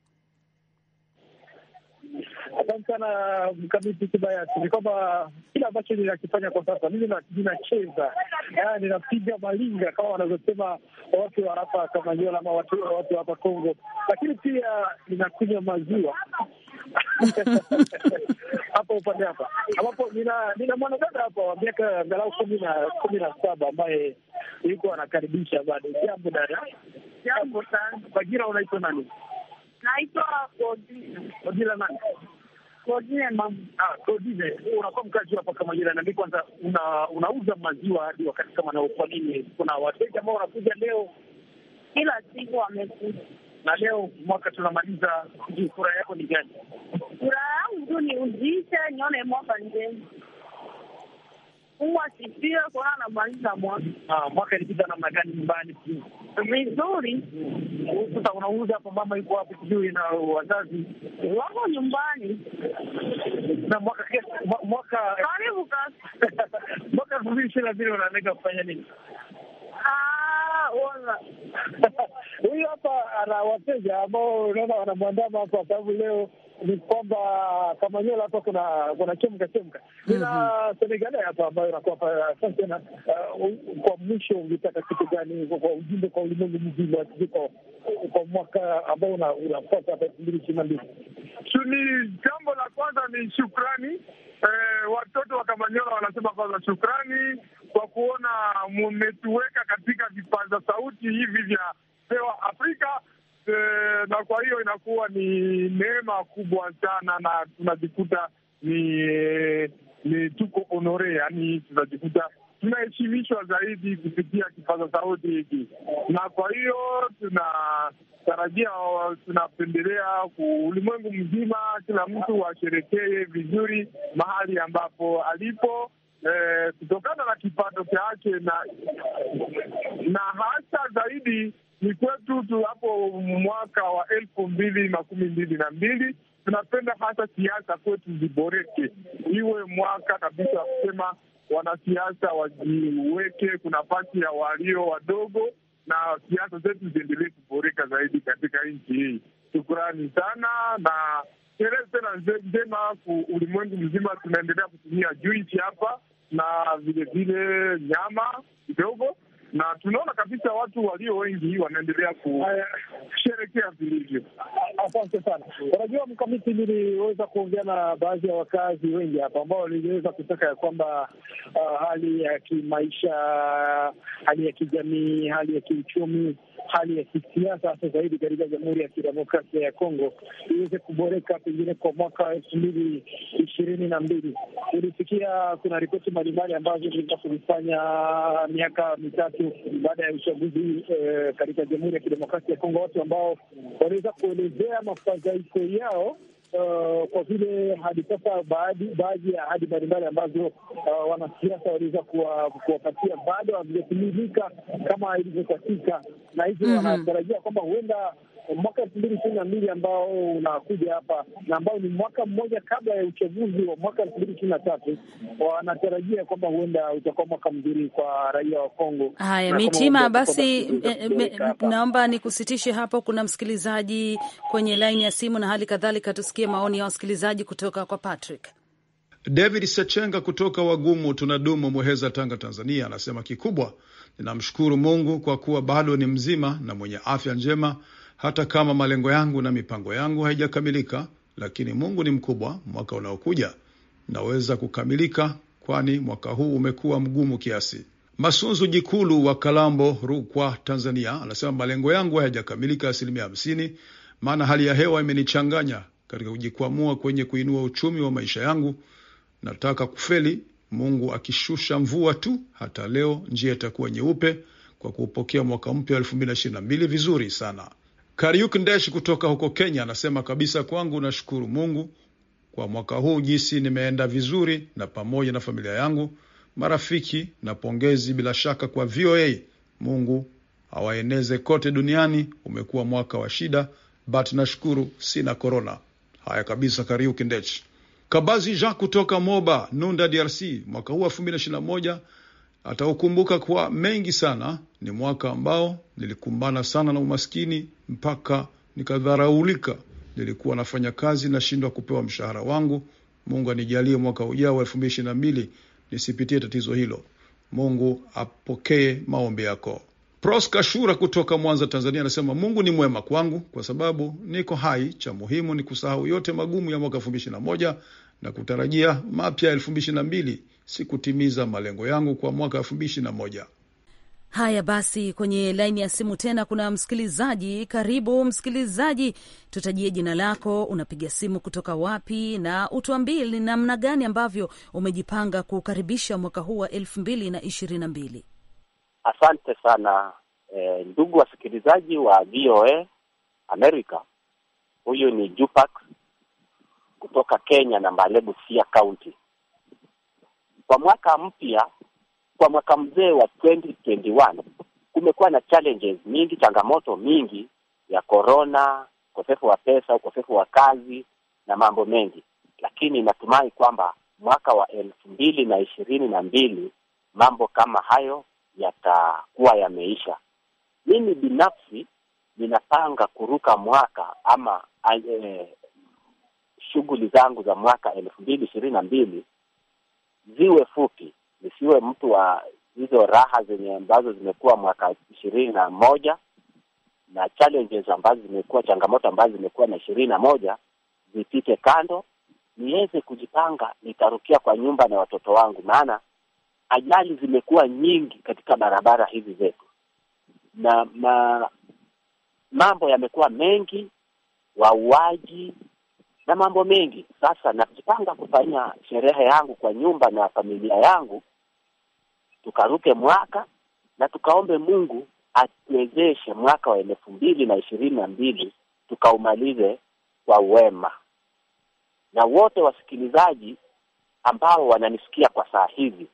[SPEAKER 3] Asante sana mkamiti Kibayasi. Ni kwamba kile ambacho ninakifanya kwa sasa, mimi ninacheza, yaani, ninapiga malinga kama wanavyosema watu wa hapa Kamanyola ama watu hapa Kongo, lakini pia ninakunywa maziwa hapa upande hapa ambapo nina nina mwanadada hapa wa miaka angalau kumi na kumi na saba ambaye yuko anakaribisha bado. Jambo dada. Jambo sana. Kwa jina unaitwa nani?
[SPEAKER 2] Naitwa
[SPEAKER 3] Kodina. Kodina nani? Kodina mama. Ah, Kodina. Unakuwa mkazi hapa kama jina na kwanza una, unauza maziwa hadi wakati kama na kwa nini kuna wateja ambao wanakuja leo
[SPEAKER 6] kila siku
[SPEAKER 3] wamekuja na leo mwaka tunamaliza. Kura yako ni gani? Kura yangu ni uziishe, nione mwaka njema umwasisie kuona namaliza mwaka. Ah, mwaka ilipita namna gani nyumbani?
[SPEAKER 2] Vizuri.
[SPEAKER 3] Sasa unauza hapo, mama yuko wapi? Sijui na wazazi wako nyumbani. Na mwaka mwaka karibu kasi mwaka elfu mbili ishirini na mbili unalenga kufanya nini? Ah, uona huyu hapa ana wateja ambao unaona wanamwandama hapa, kwa sababu leo ni kwamba Kamanyola hapa kuna kuna chemka chemka, ina mhm. Senegale hapa ambayo inakuwa sasa na uh, kwa mwisho, ungetaka kitu gani kwa ujumbe kwa ulimwengu mzima kwa mwaka ambao unafuata hapa elfu mbili ishirini na mbili? Ni jambo la kwanza ni shukrani. Eh, watoto wa Kamanyola wanasema kwanza shukrani kwa kuona mmetuweka katika vipaza sauti hivi vya pewa Afrika e, na kwa hiyo inakuwa ni neema kubwa sana, na tunajikuta ni, eh, ni tuko honore, yani tunajikuta tunaheshimishwa zaidi kupitia kipaza sauti hiki, na kwa hiyo tunatarajia, tunapendelea ulimwengu mzima, kila mtu washerekee vizuri mahali ambapo alipo Eh, kutokana na kipato chake na na hasa zaidi ni kwetu tu. Hapo mwaka wa elfu mbili makumi mbili na mbili tunapenda hasa siasa kwetu ziboreke, iwe mwaka kabisa wa kusema wanasiasa wajiweke ku nafasi ya walio wadogo, na siasa zetu ziendelee kuboreka zaidi katika nchi hii. Shukurani sana na sherehe tena njema ku ulimwengu mzima. Tunaendelea kutumia juisi hapa na vilevile nyama kidogo, na tunaona kabisa watu walio wengi wanaendelea kusherekea vilivyo. Asante sana. Unajua mkamiti, niliweza kuongea na baadhi ya wakazi wengi hapa ambao waliweza kutaka ya kwamba uh, hali ya kimaisha, hali ya kijamii, hali ya kiuchumi hali ya kisiasa hasa zaidi katika Jamhuri ya Kidemokrasia ya Kongo iweze kuboreka pengine kwa mwaka elfu mbili ishirini na mbili. ulifikia kuna ripoti mbalimbali ambazo ziliweza kuvifanya miaka mitatu baada ya uchaguzi eh, katika Jamhuri ya Kidemokrasia ya Kongo, watu ambao waliweza kuelezea mafadhaiko yao uh, kwa vile hadi sasa baadhi ya ahadi mbalimbali ambazo uh, wanasiasa waliweza kuwapatia bado hazijatimilika kama ilivyotatika, na hivyo mhm. wanatarajia kwamba huenda mwaka elfu mbili ishirini na mbili ambao unakuja hapa na ambao ni mwaka mmoja kabla ya uchaguzi wa mwaka elfu mbili ishirini na tatu wanatarajia kwamba huenda utakuwa mwaka
[SPEAKER 6] mzuri kwa raia wa Kongo. Haya, Mitima, basi eh, eh,
[SPEAKER 2] naomba nikusitishe hapo. Kuna msikilizaji kwenye laini ya simu na hali kadhalika tusikie maoni ya wasikilizaji kutoka kwa Patrick
[SPEAKER 4] David Sechenga kutoka Wagumu tunadumu Muheza, Tanga, Tanzania, anasema kikubwa, ninamshukuru Mungu kwa kuwa bado ni mzima na mwenye afya njema hata kama malengo yangu na mipango yangu haijakamilika, lakini Mungu ni mkubwa. Mwaka unaokuja naweza kukamilika, kwani mwaka huu umekuwa mgumu kiasi. Masunzu Jikulu wa Kalambo, Rukwa, Tanzania, anasema malengo yangu hayajakamilika asilimia hamsini, maana hali ya hewa imenichanganya katika kujikwamua kwenye kuinua uchumi wa maisha yangu. Nataka kufeli. Mungu akishusha mvua tu, hata leo njia itakuwa nyeupe kwa kuupokea mwaka mpya wa elfu mbili na ishirini na mbili vizuri sana. Kariuk Ndeshi kutoka huko Kenya anasema kabisa, kwangu nashukuru Mungu kwa mwaka huu jinsi nimeenda vizuri na pamoja na familia yangu, marafiki na pongezi bila shaka kwa VOA. Mungu awaeneze kote duniani. Umekuwa mwaka wa shida, but nashukuru sina korona. Haya kabisa, Kariuk Ndeshi. Kabazi Jean kutoka Moba Nunda, DRC, mwaka huu elfu mbili na ishirini na moja ataukumbuka kwa mengi sana. Ni mwaka ambao nilikumbana sana na umaskini, mpaka nikadharaulika. Nilikuwa nafanya kazi nashindwa kupewa mshahara wangu. Mungu anijalie mwaka ujao wa elfu mbili ishirini na mbili nisipitie tatizo hilo. Mungu apokee maombi yako. Proska Shura kutoka Mwanza, Tanzania, anasema Mungu ni mwema kwangu kwa sababu niko hai. Cha muhimu ni kusahau yote magumu ya mwaka elfu mbili ishirini na moja na kutarajia mapya elfu mbili ishirini na mbili. Sikutimiza malengo yangu kwa mwaka elfu mbili ishirini na moja.
[SPEAKER 2] Haya basi, kwenye laini ya simu tena kuna msikilizaji. Karibu msikilizaji, tutajie jina lako, unapiga simu kutoka wapi, na utuambie ni namna gani ambavyo umejipanga kukaribisha mwaka huu wa elfu mbili na ishirini na mbili.
[SPEAKER 8] Asante sana e, ndugu wasikilizaji wa VOA America. Huyu ni Jupak kutoka Kenya na Malebusia County. Kwa mwaka mpya kwa mwaka mzee wa 2021 kumekuwa na challenges mingi, changamoto mingi ya korona, ukosefu wa pesa, ukosefu wa kazi na mambo mengi, lakini natumai kwamba mwaka wa elfu mbili na ishirini na mbili mambo kama hayo yatakuwa yameisha. Mimi binafsi ninapanga kuruka mwaka ama e, shughuli zangu za mwaka elfu mbili ishirini na mbili ziwe fupi nisiwe mtu wa hizo raha zenye ambazo zimekuwa mwaka ishirini na moja na challenges ambazo zimekuwa changamoto ambazo zimekuwa na ishirini na moja zipite kando, niweze kujipanga, nitarukia kwa nyumba na watoto wangu, maana ajali zimekuwa nyingi katika barabara hizi zetu, na ma, mambo yamekuwa mengi, wauaji na mambo mengi. Sasa najipanga kufanya sherehe yangu kwa nyumba na familia yangu tukaruke mwaka na tukaombe Mungu atuwezeshe mwaka wa elfu mbili na ishirini na mbili tukaumalize kwa wema. Na wote wasikilizaji ambao wananisikia kwa saa hizi,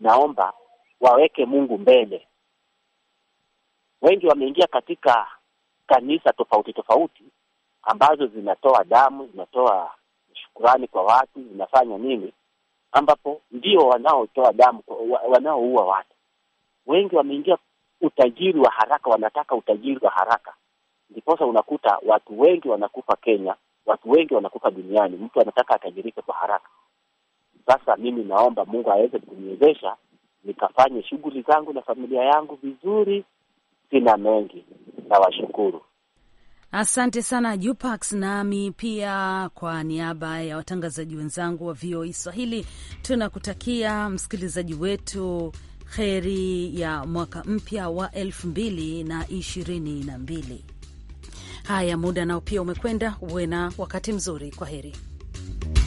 [SPEAKER 8] naomba waweke Mungu mbele. Wengi wameingia katika kanisa tofauti tofauti ambazo zinatoa damu, zinatoa shukurani kwa watu, zinafanya nini, ambapo ndio wanaotoa damu, wanaoua watu wengi. Wameingia utajiri wa haraka, wanataka utajiri wa haraka, ndiposa unakuta watu wengi wanakufa Kenya, watu wengi wanakufa duniani. Mtu anataka atajirike kwa haraka. Sasa mimi naomba Mungu aweze kuniwezesha nikafanye shughuli zangu na familia yangu vizuri. Sina mengi, na washukuru
[SPEAKER 2] Asante sana Jupax, nami pia kwa niaba ya watangazaji wenzangu wa VOA e Swahili tunakutakia msikilizaji wetu heri ya mwaka mpya wa elfu mbili na ishirini na mbili. Haya, muda nao pia umekwenda. Uwe na wakati mzuri. Kwa heri.